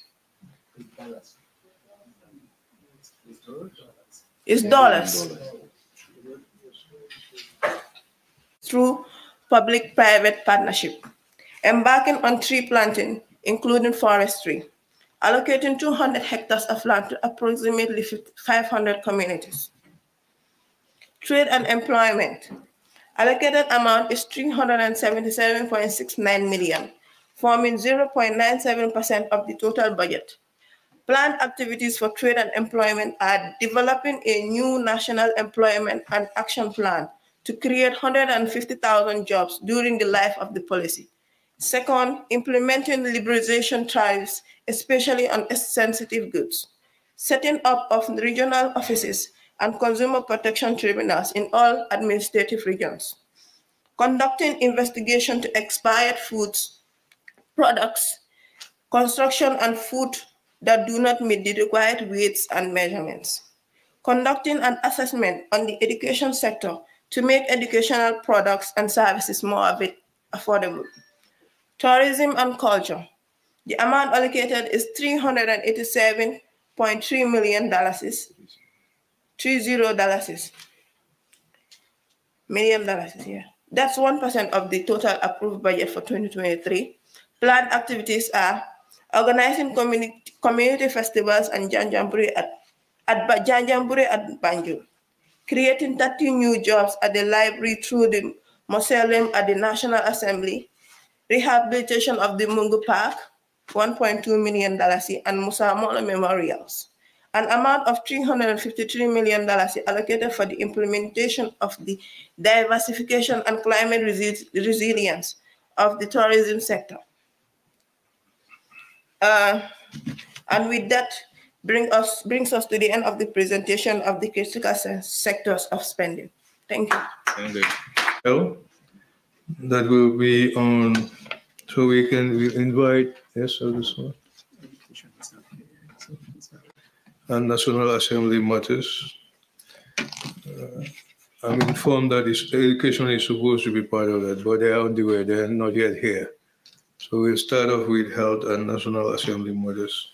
It's dollars. Through public-private partnership, embarking on tree planting, including forestry, allocating 200 hectares of land to approximately 500 communities. Trade and employment. Allocated amount is 377.69 million, forming 0.97% of the total budget. Planned activities for trade and employment are developing a new national employment and action plan to create 150,000 jobs during the life of the policy. Second, implementing liberalization tariffs, especially on sensitive goods. Setting up of regional offices and consumer protection tribunals in all administrative regions. Conducting investigation to expired foods, products, construction and food that do not meet the required weights and measurements. Conducting an assessment on the education sector to make educational products and services more of it affordable. Tourism and culture. The amount allocated is $387.3 million, $30 million dollars, yeah. That's 1% of the total approved budget for 2023. Planned activities are organizing community, community festivals and Janjamburi at, at Janjamburi at Banjul creating 30 new jobs at the library through the mausoleum at the National Assembly, rehabilitation of the Mungu Park, $1.2 million, and Musa Mola Memorials. An amount of $353 million allocated for the implementation of the diversification and climate resi resilience of the tourism sector. Uh, and with that, bring us, brings us to the end of the presentation of the critical sectors of spending. Thank you. Thank you. Well, that will be on, so we can we invite, yes, so this one. And National Assembly matters. Uh, I'm informed that education is supposed to be part of that, but they are on the way. They are not yet here. So we'll start off with health and National Assembly matters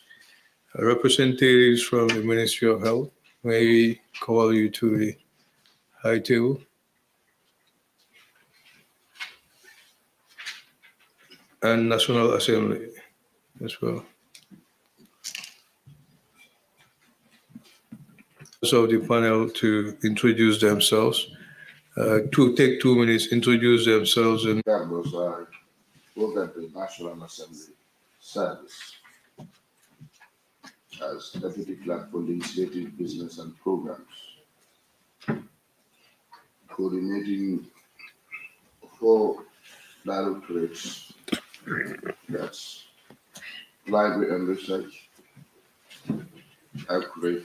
representatives from the Ministry of Health may call you to the high table. And National Assembly as well. So the panel to introduce themselves, uh, to take two minutes, introduce themselves and. That was, uh, welcome to National Assembly service as Deputy Clerk for Legislative Business and Programs, coordinating four directorates, that's Library and Research, Accurate,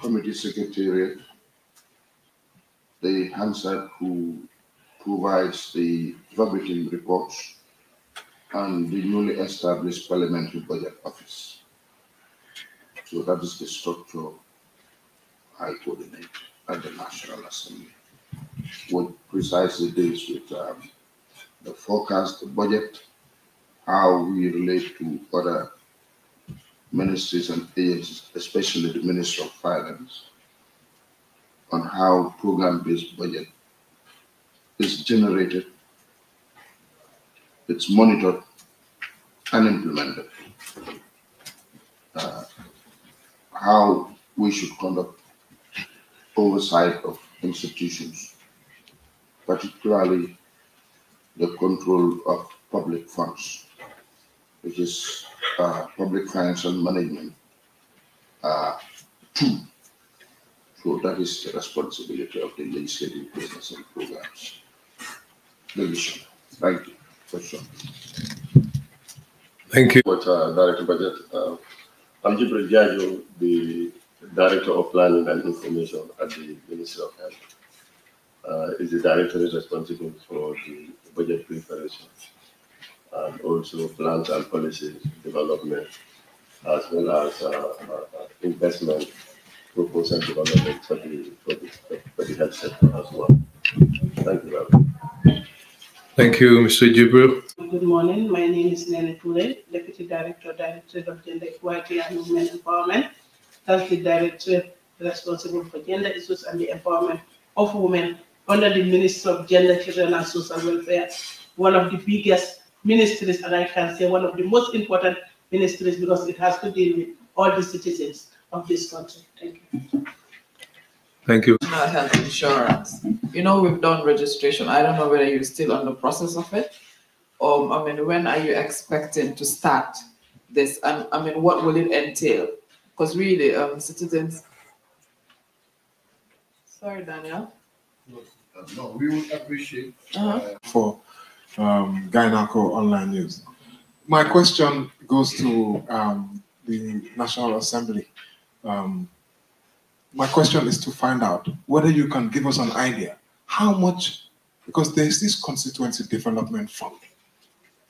Committee Secretariat, the Hansard who provides the verbatim reports, and the newly established Parliamentary Budget Office. So that is the structure I coordinate at the National Assembly. What precisely deals with um, the forecast, the budget, how we relate to other ministries and agencies, especially the Ministry of Finance, on how program-based budget is generated, it's monitored and implemented. Uh, how we should conduct oversight of institutions, particularly the control of public funds, which is uh, public financial management uh, So that is the responsibility of the legislative business and programs. Division. Thank you. Thank you. With, uh, Director Budget, I'm Jibril Jajo, the Director of Planning and Information at the Ministry of Health. Uh, is the director responsible for the budget preparation and also plans and policy development, as well as uh, uh, investment proposal development for the, for, the, for the health sector as well. Thank you very much. Thank you, Mr. Jibru. Good morning. My name is Nene Pule, Deputy Director, Directorate of Gender Equality and Women Empowerment. That's the director responsible for gender issues and the empowerment of women under the Ministry of Gender, Children and Social Welfare, one of the biggest ministries, and I can say one of the most important ministries because it has to deal with all the citizens of this country. Thank you. Thank you. health insurance. You know, we've done registration. I don't know whether you're still on the process of it. Um, I mean, when are you expecting to start this? And I mean, what will it entail? Because really, um, citizens. Sorry, Daniel. No, uh, we would appreciate uh-huh. Uh, for um, Gynaco Online News. My question goes to um, the National Assembly. Um, my question is to find out whether you can give us an idea how much, because there's this constituency development fund.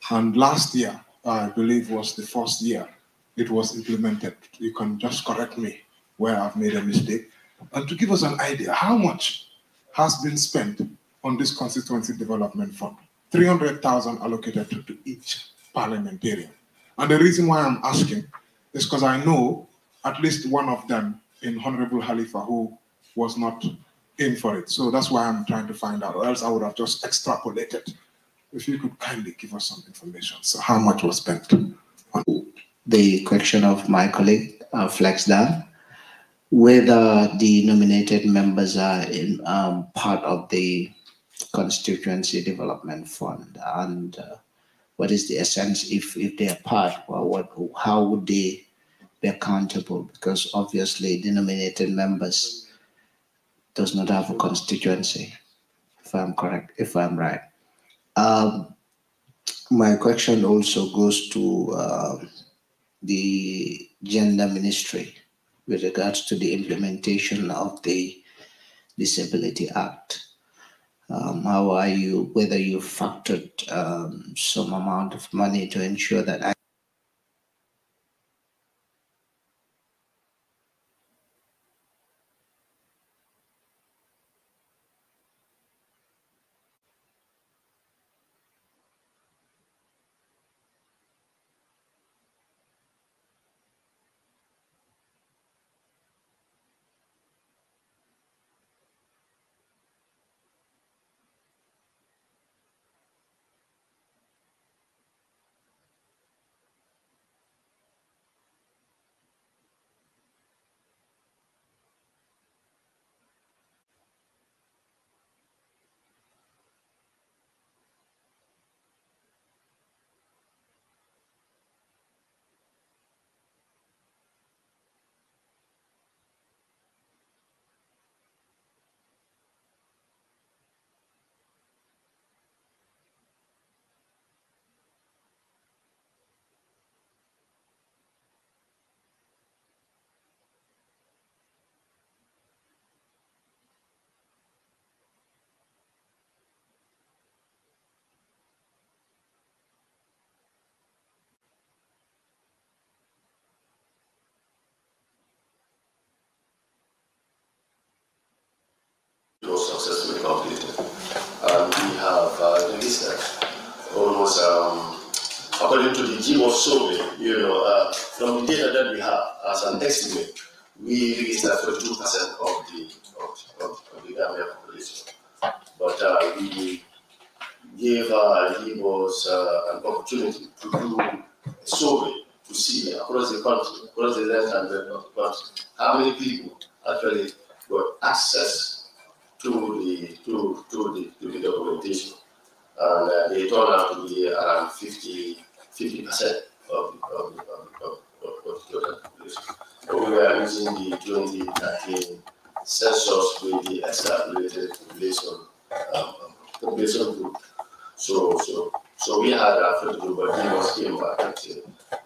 And last year, I believe was the first year it was implemented. You can just correct me where I've made a mistake. And to give us an idea, how much has been spent on this constituency development fund? 300,000 allocated to, to each parliamentarian. And the reason why I'm asking is because I know at least one of them in Honorable Halifa, who was not in for it. So that's why I'm trying to find out, or else I would have just extrapolated. If you could kindly give us some information. So how much was spent on the question of my colleague uh, Dan, whether the nominated members are in, um, part of the constituency development fund and uh, what is the essence if, if they are part or what how would they be accountable because obviously denominated members does not have a constituency, if I'm correct, if I'm right. Um, my question also goes to uh, the gender ministry with regards to the implementation of the Disability Act. Um, how are you, whether you factored um, some amount of money to ensure that I survey, you know, uh, from the data that we have as an estimate, we register 2 percent of the, of, of, of the Gambia population. But uh, we gave uh, Igbos uh, an opportunity to do a survey to see across the country, across the land, and of the country, how many people actually got access to the to to the, to the documentation, and uh, they turned out to be around 50 50 percent of, of, of, of, we were using the 2013 census with the extrapolated population, um, population group. So, so, so we had our first group, but they was came back and said,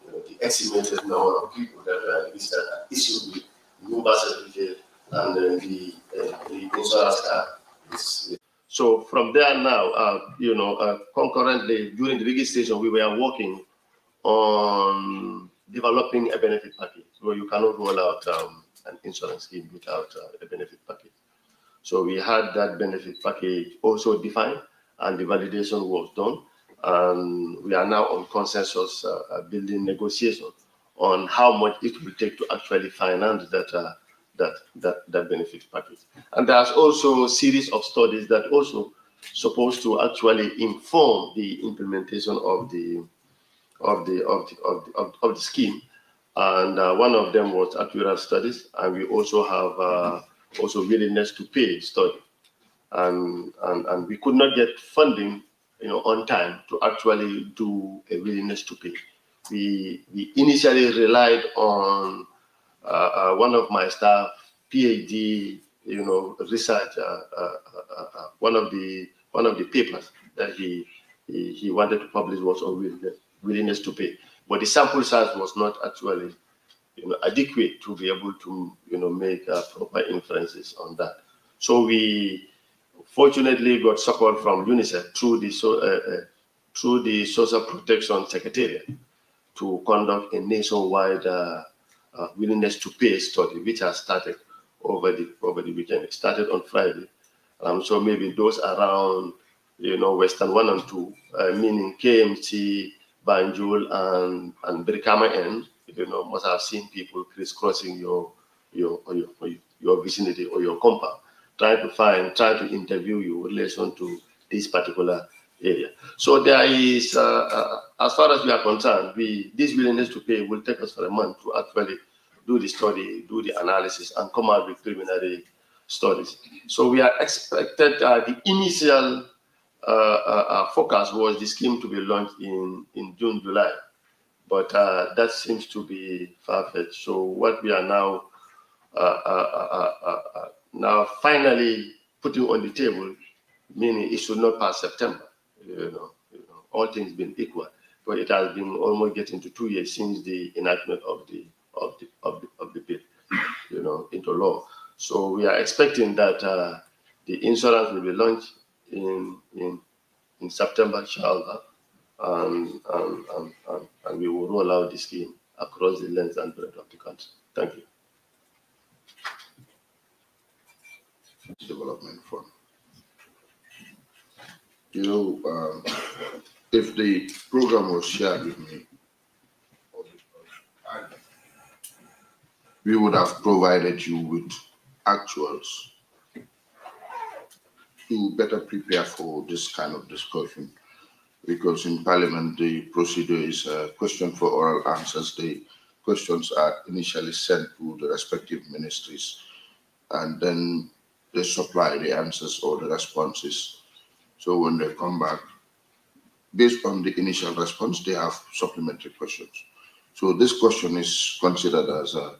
you know, the estimated number of people that were registered are issued with new birth certificate and then the, uh, the insurance card. Is, so from there now, uh, you know, uh, concurrently during the registration, we were working on developing a benefit package. So you cannot roll out um, an insurance scheme without uh, a benefit package. So we had that benefit package also defined and the validation was done. And we are now on consensus uh, uh building negotiations on how much it will take to actually finance that, uh, that, that, that benefit package. And there's also a series of studies that also supposed to actually inform the implementation of the of the of the, of the, of, of the scheme, and uh, one of them was actuarial studies, and we also have uh, also willingness to pay study, and, and and we could not get funding, you know, on time to actually do a willingness to pay. We we initially relied on uh, uh one of my staff, PhD, you know, researcher, uh, uh, one of the one of the papers that he he, he wanted to publish was on willingness willingness to pay. But the sample size was not actually you know, adequate to be able to you know, make uh, proper inferences on that. So we fortunately got support from UNICEF through the, so, uh, uh, through the Social Protection Secretariat to conduct a nationwide uh, uh willingness to pay study, which has started over the over the weekend. It started on Friday. um, so maybe those around, you know, Western One and Two, uh, meaning KMT, Banjul and, and Birkama end, you know, must have seen people crisscrossing your, your, or your, your vicinity or your compound, trying to find, trying to interview you in relation to this particular area. So there is, uh, uh, as far as we are concerned, we, this willingness to pay will take us for a month to actually do the study, do the analysis, and come out with preliminary studies. So we are expected uh, the initial our uh, uh, uh, focus was the scheme to be launched in, in June, July. But that seems to be far-fetched. So what we are now now finally putting on the table, meaning it should not pass September, you know, you know all things being equal. But it has been almost getting to two years since the enactment of the of the of the, of the bill, you know, into law. So we are expecting that uh, the insurance will be launched in in, in September, inshallah, and and and we will roll out the scheme across the length and breadth of the country. Thank you. Development Fund. You know, um, if the program was shared with me, we would have provided you with actuals to better prepare for this kind of discussion because in Parliament the procedure is a question for oral answers. The questions are initially sent to the respective ministries and then they supply the answers or the responses. So when they come back, based on the initial response, they have supplementary questions. So this question is considered as a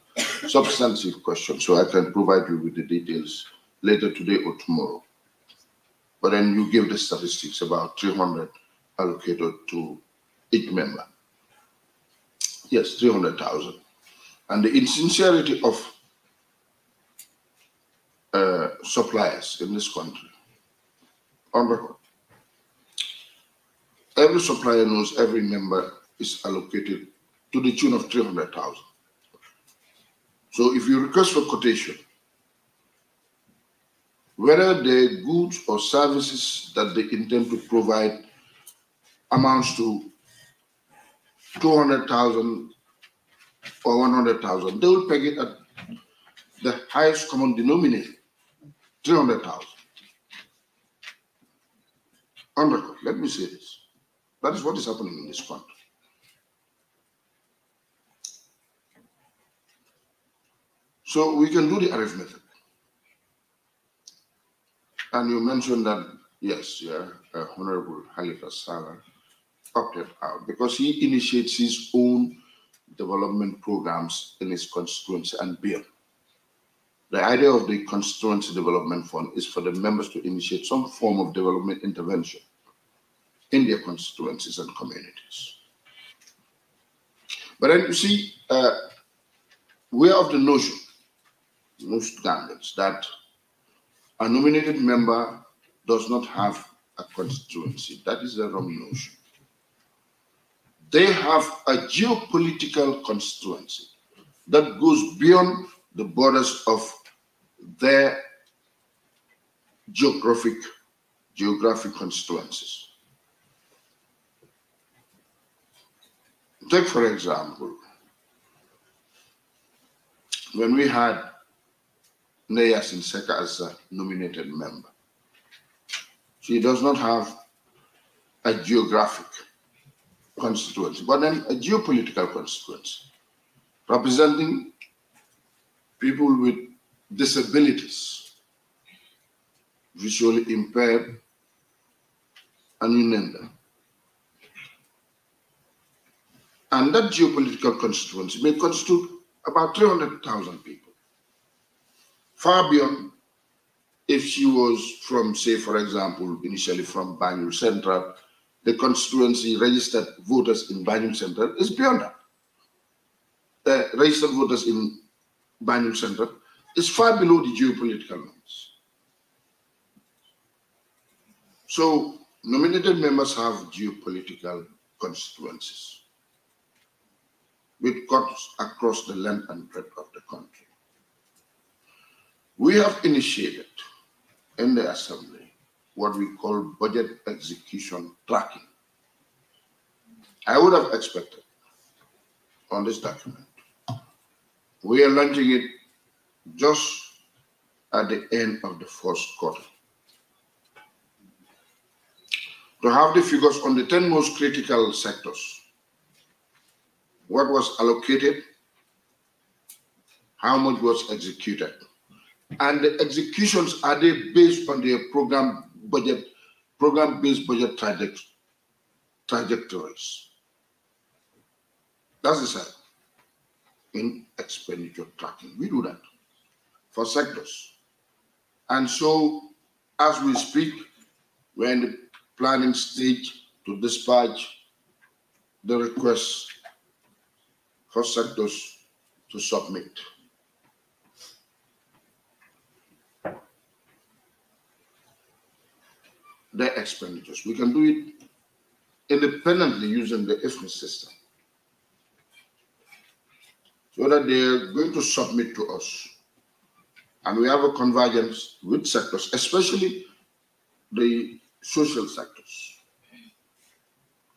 substantive question. So I can provide you with the details later today or tomorrow. But then you give the statistics about 300 allocated to each member. Yes, 300,000. And the insincerity of uh, suppliers in this country on record. Every supplier knows every member is allocated to the tune of 300,000. So if you request for quotation, whether the goods or services that they intend to provide amounts to 200,000 or 100,000, they will peg it at the highest common denominator, 300,000. On let me say this. That is what is happening in this country. So we can do the arithmetic. And you mentioned that, yes, yeah, uh, Honorable Halifa Salah opted out because he initiates his own development programs in his constituency and beyond. The idea of the Constituency Development Fund is for the members to initiate some form of development intervention in their constituencies and communities. But then you see, uh, we are of the notion, most Ghanaians, that a nominated member does not have a constituency. That is the wrong notion. They have a geopolitical constituency that goes beyond the borders of their geographic geographic constituencies. Take for example, when we had Neya Sinseka as a nominated member. She does not have a geographic constituency, but then a geopolitical constituency, representing people with disabilities, visually impaired, and you And that geopolitical constituency may constitute about 300,000 people. Fabian, if she was from, say, for example, initially from Banjul Central, the constituency registered voters in Banjul Central is beyond that. The registered voters in Banjul Central is far below the geopolitical norms. So nominated members have geopolitical constituencies with cuts across the length and breadth of the country. We have initiated in the assembly what we call budget execution tracking. I would have expected on this document. We are launching it just at the end of the first quarter. To have the figures on the 10 most critical sectors, what was allocated, how much was executed, and the executions are they based on their program budget, program-based budget traject trajectories. That's the side in expenditure tracking. We do that for sectors. And so as we speak, we're in the planning stage to dispatch the requests for sectors to submit. their expenditures. We can do it independently using the IFMI system. So that they're going to submit to us. And we have a convergence with sectors, especially the social sectors,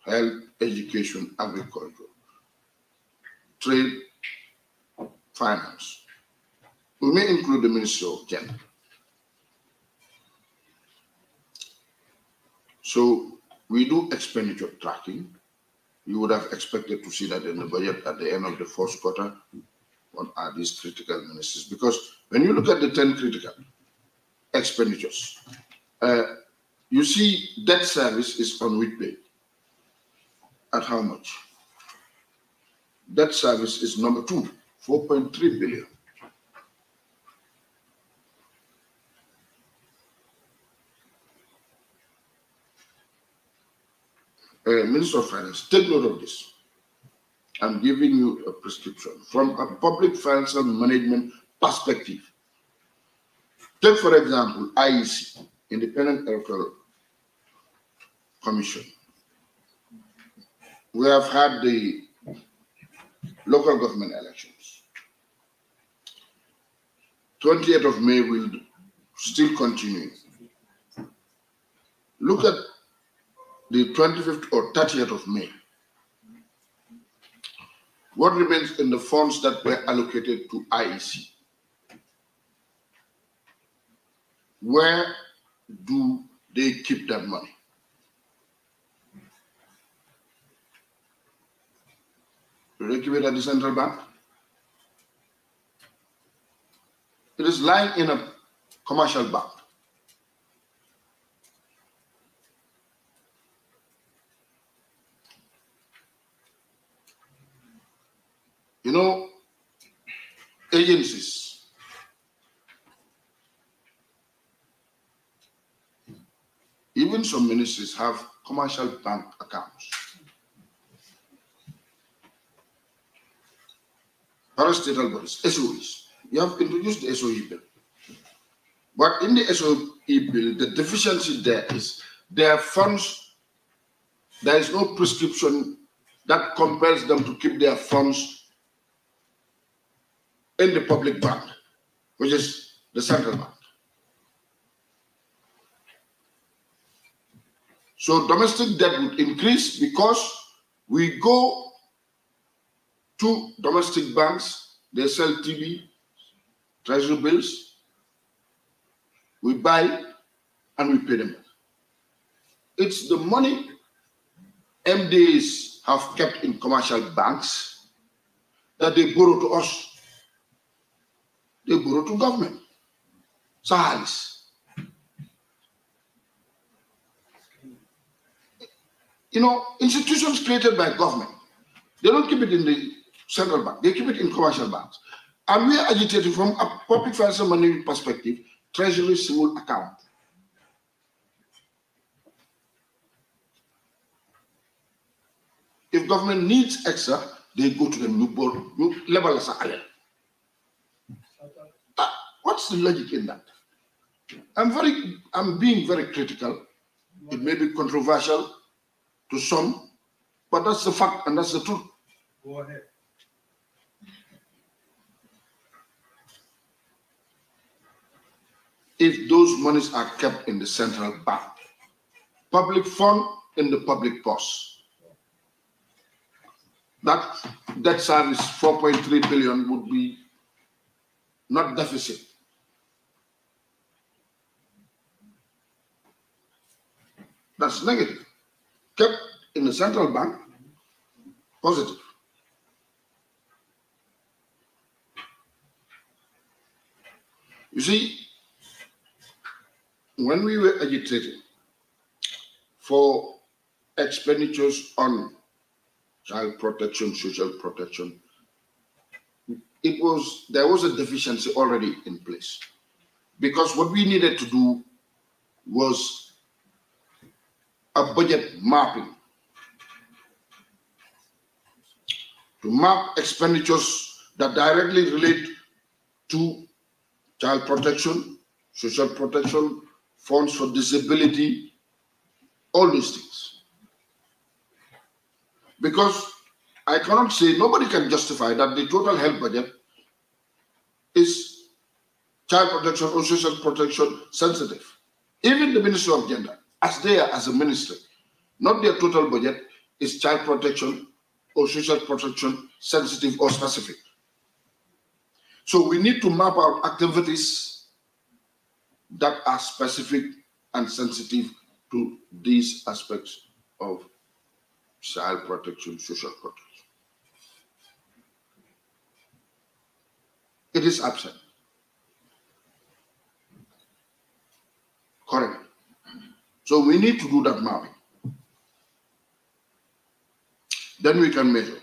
health, education, agriculture, trade, finance. We may include the Ministry of Gender. So we do expenditure tracking. You would have expected to see that in the budget at the end of the fourth quarter. What uh, are these critical ministries? Because when you look at the 10 critical expenditures, uh, you see debt service is on which pay? At how much? Debt service is number two, 4.3 billion. uh, Minister of Finance, take note of this. I'm giving you a prescription from a public financial management perspective. Take, for example, IEC, Independent Electoral Commission. We have had the local government elections. 28th of May will still continue. Look at the 25th or 30th of May. What remains in the funds that were allocated to IEC? Where do they keep that money? Do they keep it at the central bank? It is lying in a commercial bank. You know, agencies. Even some ministries have commercial bank accounts. Parastatal bodies, SOEs. You have introduced the SOE bill. But in the SOE bill, the deficiency there is their funds, there is no prescription that compels them to keep their funds in the public bank, which is the central bank. So domestic debt would increase because we go to domestic banks, they sell TV, treasury bills, we buy and we pay them. It's the money MDs have kept in commercial banks that they borrow to us they borrow to government. Sahalis. You know, institutions created by government, they don't keep it in the central bank, they keep it in commercial banks. And we are agitating from a public financial money perspective, treasury single account. If government needs extra, they go to the new level as a What's the logic in that? I'm very, I'm being very critical. It may be controversial to some, but that's the fact and that's the truth. Go ahead. If those monies are kept in the central bank, public fund in the public purse, that debt service 4.3 billion would be not deficit That's negative. Kept in the central bank, positive. You see, when we were agitating for expenditures on child protection, social protection, it was there was a deficiency already in place because what we needed to do was a budget mapping to map expenditures that directly relate to child protection, social protection, funds for disability, all these things. Because I cannot say, nobody can justify that the total health budget is child protection or social protection sensitive. Even the Ministry of Gender as they are as a ministry. Not their total budget is child protection or social protection, sensitive or specific. So we need to map out activities that are specific and sensitive to these aspects of child protection, social protection. It is absent. Correct. So we need to do that mapping. Then we can measure.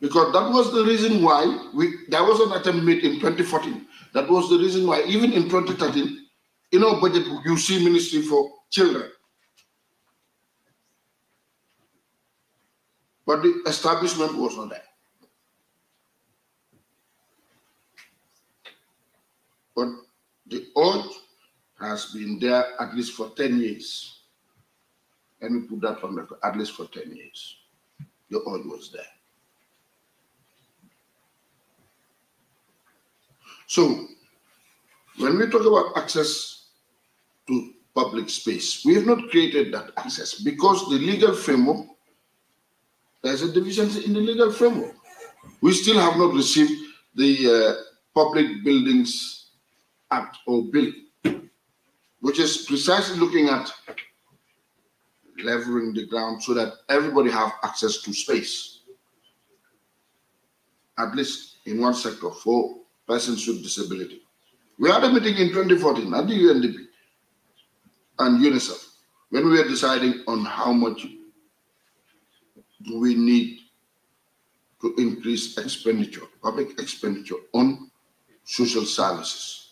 Because that was the reason why we there was an attempt made in 2014. That was the reason why even in 2013, in our budget you see Ministry for Children. But the establishment was not there. But the urge has been there at least for 10 years. Let me put that on record, at least for 10 years. The oil was there. So, when we talk about access to public space, we have not created that access because the legal framework, there's a division in the legal framework. We still have not received the uh, Public Buildings Act or Bill which is precisely looking at leveling the ground so that everybody have access to space, at least in one sector for persons with disability. We had a meeting in 2014 at the UNDP and UNICEF when we were deciding on how much do we need to increase expenditure, public expenditure on social services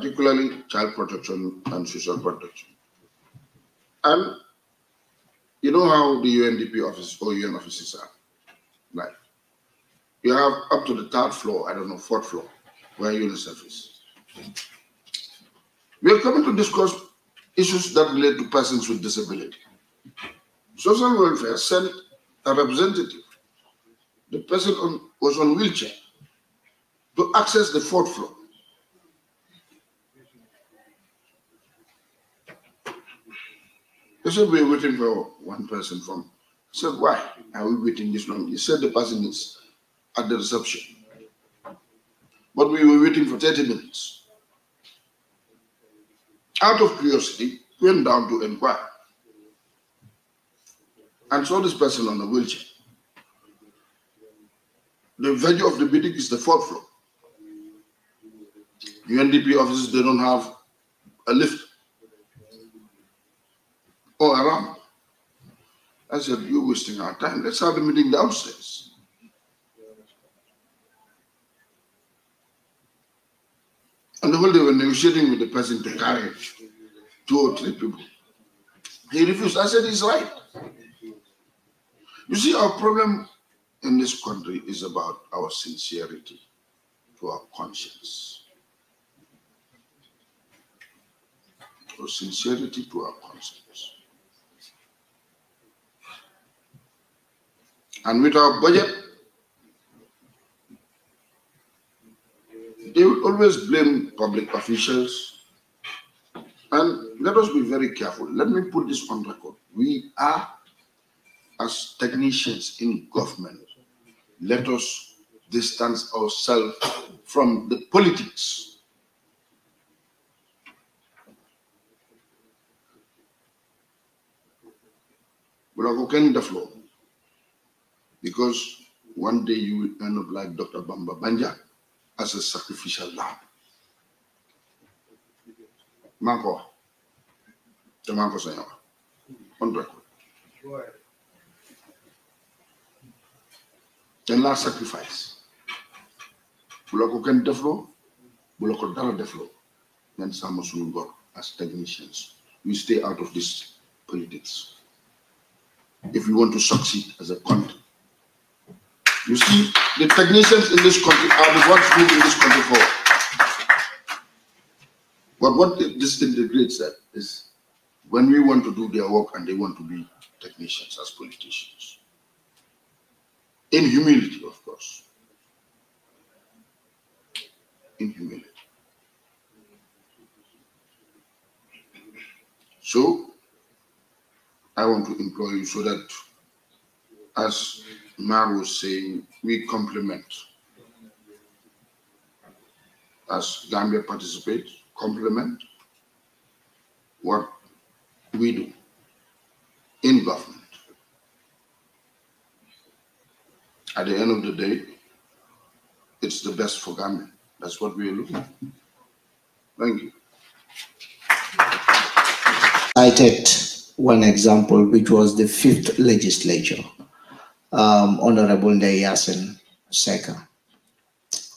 particularly child protection and social protection. And you know how the UNDP office or UN offices are like. You have up to the third floor, I don't know, fourth floor, where UNICEF is. We are coming to discuss issues that relate to persons with disability. Social welfare sent a representative. The person on, was on wheelchair to access the fourth floor. said, we're waiting for one person from. I said, why are we waiting this long? He said, the person is at the reception. But we were waiting for 30 minutes. Out of curiosity, went down to inquire and saw this person on a wheelchair. The venue of the meeting is the fourth floor. UNDP offices, they don't have a lift or oh, around. I said, You're wasting our time. Let's have a meeting downstairs. And the whole day we were negotiating with the person the carriage, two or three people. He refused. I said, He's right. You see, our problem in this country is about our sincerity to our conscience. Our sincerity to our conscience. and with our budget, they will always blame public officials. And let us be very careful. Let me put this on record. We are, as technicians in government, let us distance ourselves from the politics. We're going to the floor. Because one day you will end up like Dr. Bamba Banja as a sacrificial lamb. Manko. The Manko Senor. Oh, on record. The last sacrifice. Bulako can deflo, Bulako Dara deflo. Then Samuel go as technicians. We stay out of this politics. If we want to succeed as a country, you see, the technicians in this country are the ones moving this country forward. But what this integrates is, when we want to do their work and they want to be technicians as politicians. In humility, of course. In humility. So, I want to implore you so that as Maru saying we complement. As Gambia participates, complement what we do in government. At the end of the day, it's the best for Gambia. That's what we're looking at. Thank you. I cited one example, which was the fifth legislature um, Honorable Ndeyasin Seka.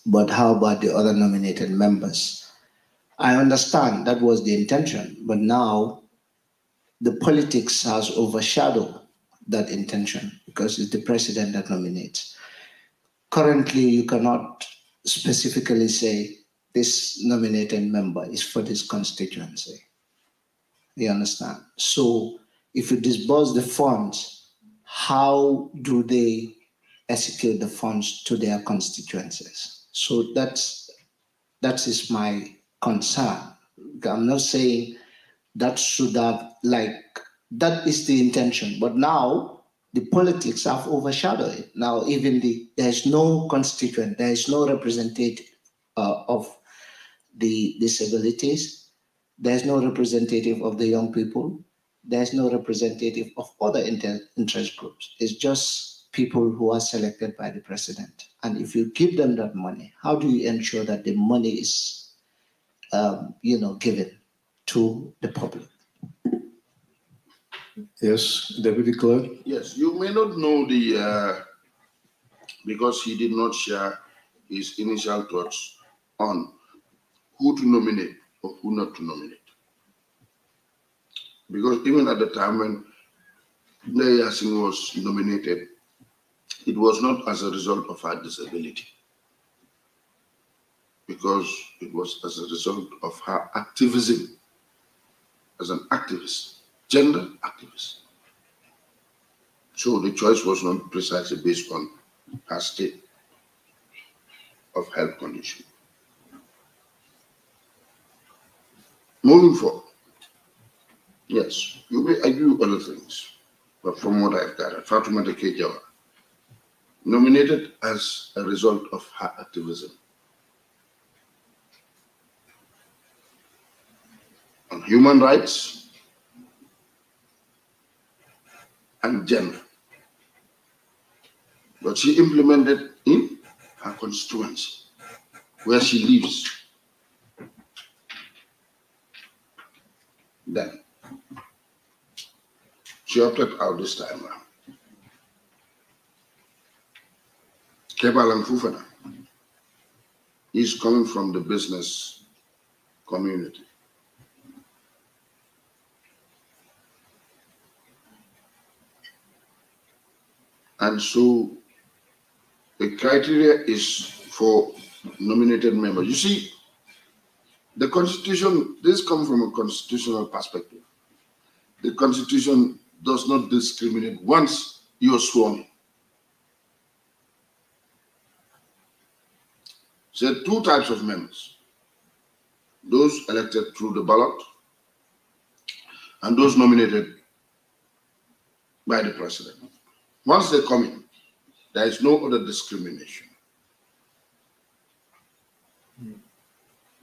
But how about the other nominated members? I understand that was the intention, but now the politics has overshadowed that intention because it's the president that nominates. Currently, you cannot specifically say this nominated member is for this constituency. You understand? So if you disburse the funds, how do they execute the funds to their constituencies? So that's that is my concern. I'm not saying that should have like that is the intention, but now the politics have overshadowed it. Now even the there is no constituent, there is no representative uh, of the disabilities, there is no representative of the young people, there's no representative of other interest groups. It's just people who are selected by the president. And if you give them that money, how do you ensure that the money is, um, you know, given to the public? Yes, Deputy Clerk. Yes, you may not know the, uh, because he did not share his initial thoughts on who to nominate or who not to nominate. Because even at the time when Naya Singh was nominated, it was not as a result of her disability, because it was as a result of her activism as an activist, gender activist. So the choice was not precisely based on her state of health condition. Moving forward, Yes, I do other things, but from what I've gathered, Fatoumata Kejawa, nominated as a result of her activism on human rights and gender. But she implemented in her constituency, where she lives. Then she opted out this time around. Kebalang Fufana is coming from the business community. And so the criteria is for nominated members. You see, the constitution, this comes from a constitutional perspective. The constitution does not discriminate once you're sworn in. are two types of members those elected through the ballot and those nominated by the president. Once they come in, there is no other discrimination.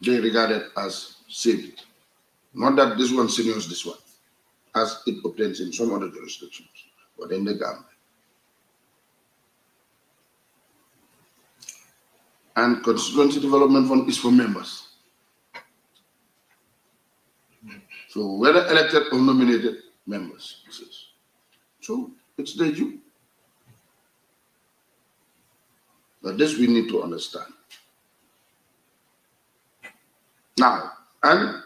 They are regarded as saved. Not that this one seniors this one as it obtains in some other jurisdictions, but in the Gambia. And constituency development fund is for members. So whether elected or nominated members, says. So it's the due. But this we need to understand. Now, and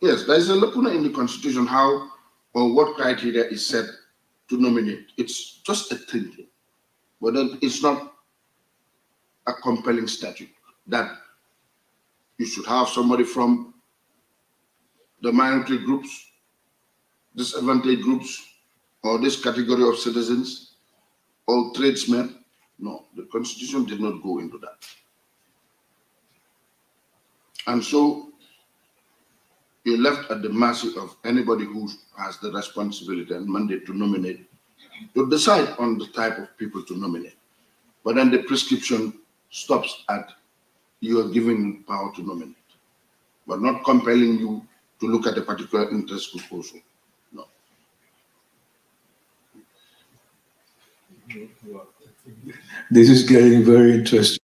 yes, there is a lacuna in the constitution how or what criteria is set to nominate. It's just a thinking, but it's not a compelling statute that you should have somebody from the minority groups, disadvantaged groups, or this category of citizens, or tradesmen. No, the Constitution did not go into that. And so you left at the mercy of anybody who has the responsibility and mandate to nominate, to decide on the type of people to nominate. But then the prescription stops at you are giving power to nominate, but not compelling you to look at a particular interest group also. No. This is getting very interesting.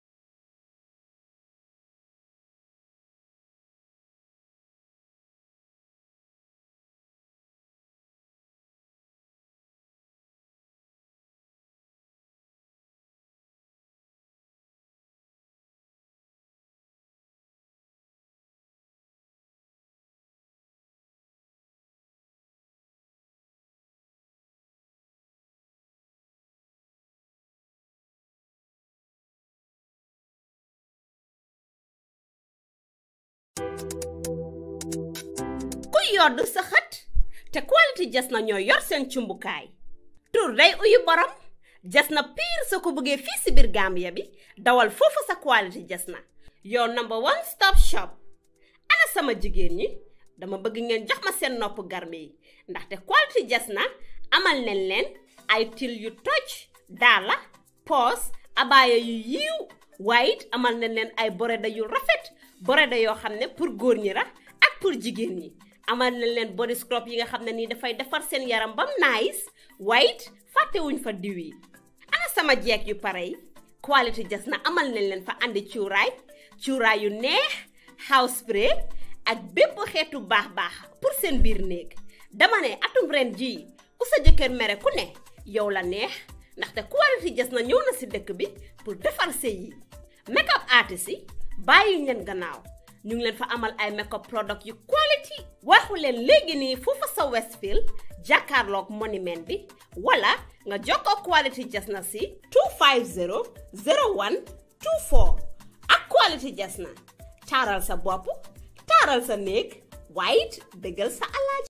ndodd sëxët te na ñoo seen cumbukaay jas na ko bëggee fii biir Gambia bi dawal foofu sa quality na yow number one stop shop jigéen ñi dama bëgg ngeen jox ma seen nopp garme yi ndax ndaxte quality jas na amal nañ leen ay til yu toj daala poos abaaya yu yiiw waaye amal nañ leen ay boreda yu rafet boreda yoo xam ne pour góor ñi la ak pour jigéen ñi amal na leen body scrub yi nga xam ne nii dafay defar seen yaram bam nice white fàttewuñ fa diw yi ana sama jeeg yu pare yi quality jas na amal nañ leen fa indi cuuraay cuuraay yu neex house spray ak bépp xeetu baax baax pour seen biir néeg dama ne atum ren jii ku sa jëkkër mere ku ne yow la neex ndaxte quality jas na ñëw na si dëkk bi pour defar sëy yi make up artist yi bàyyi leen gannaaw ñu ngi leen fa amal ay makeup product yu quality waxu leen léegi nii foofa sa Westfield jàkkaarloog monument bi wala nga jokkoo quality jasna si 250 01 24 ak quality jasna taaral sa bopp taaral sa néeg waaye dëggal sa alaaj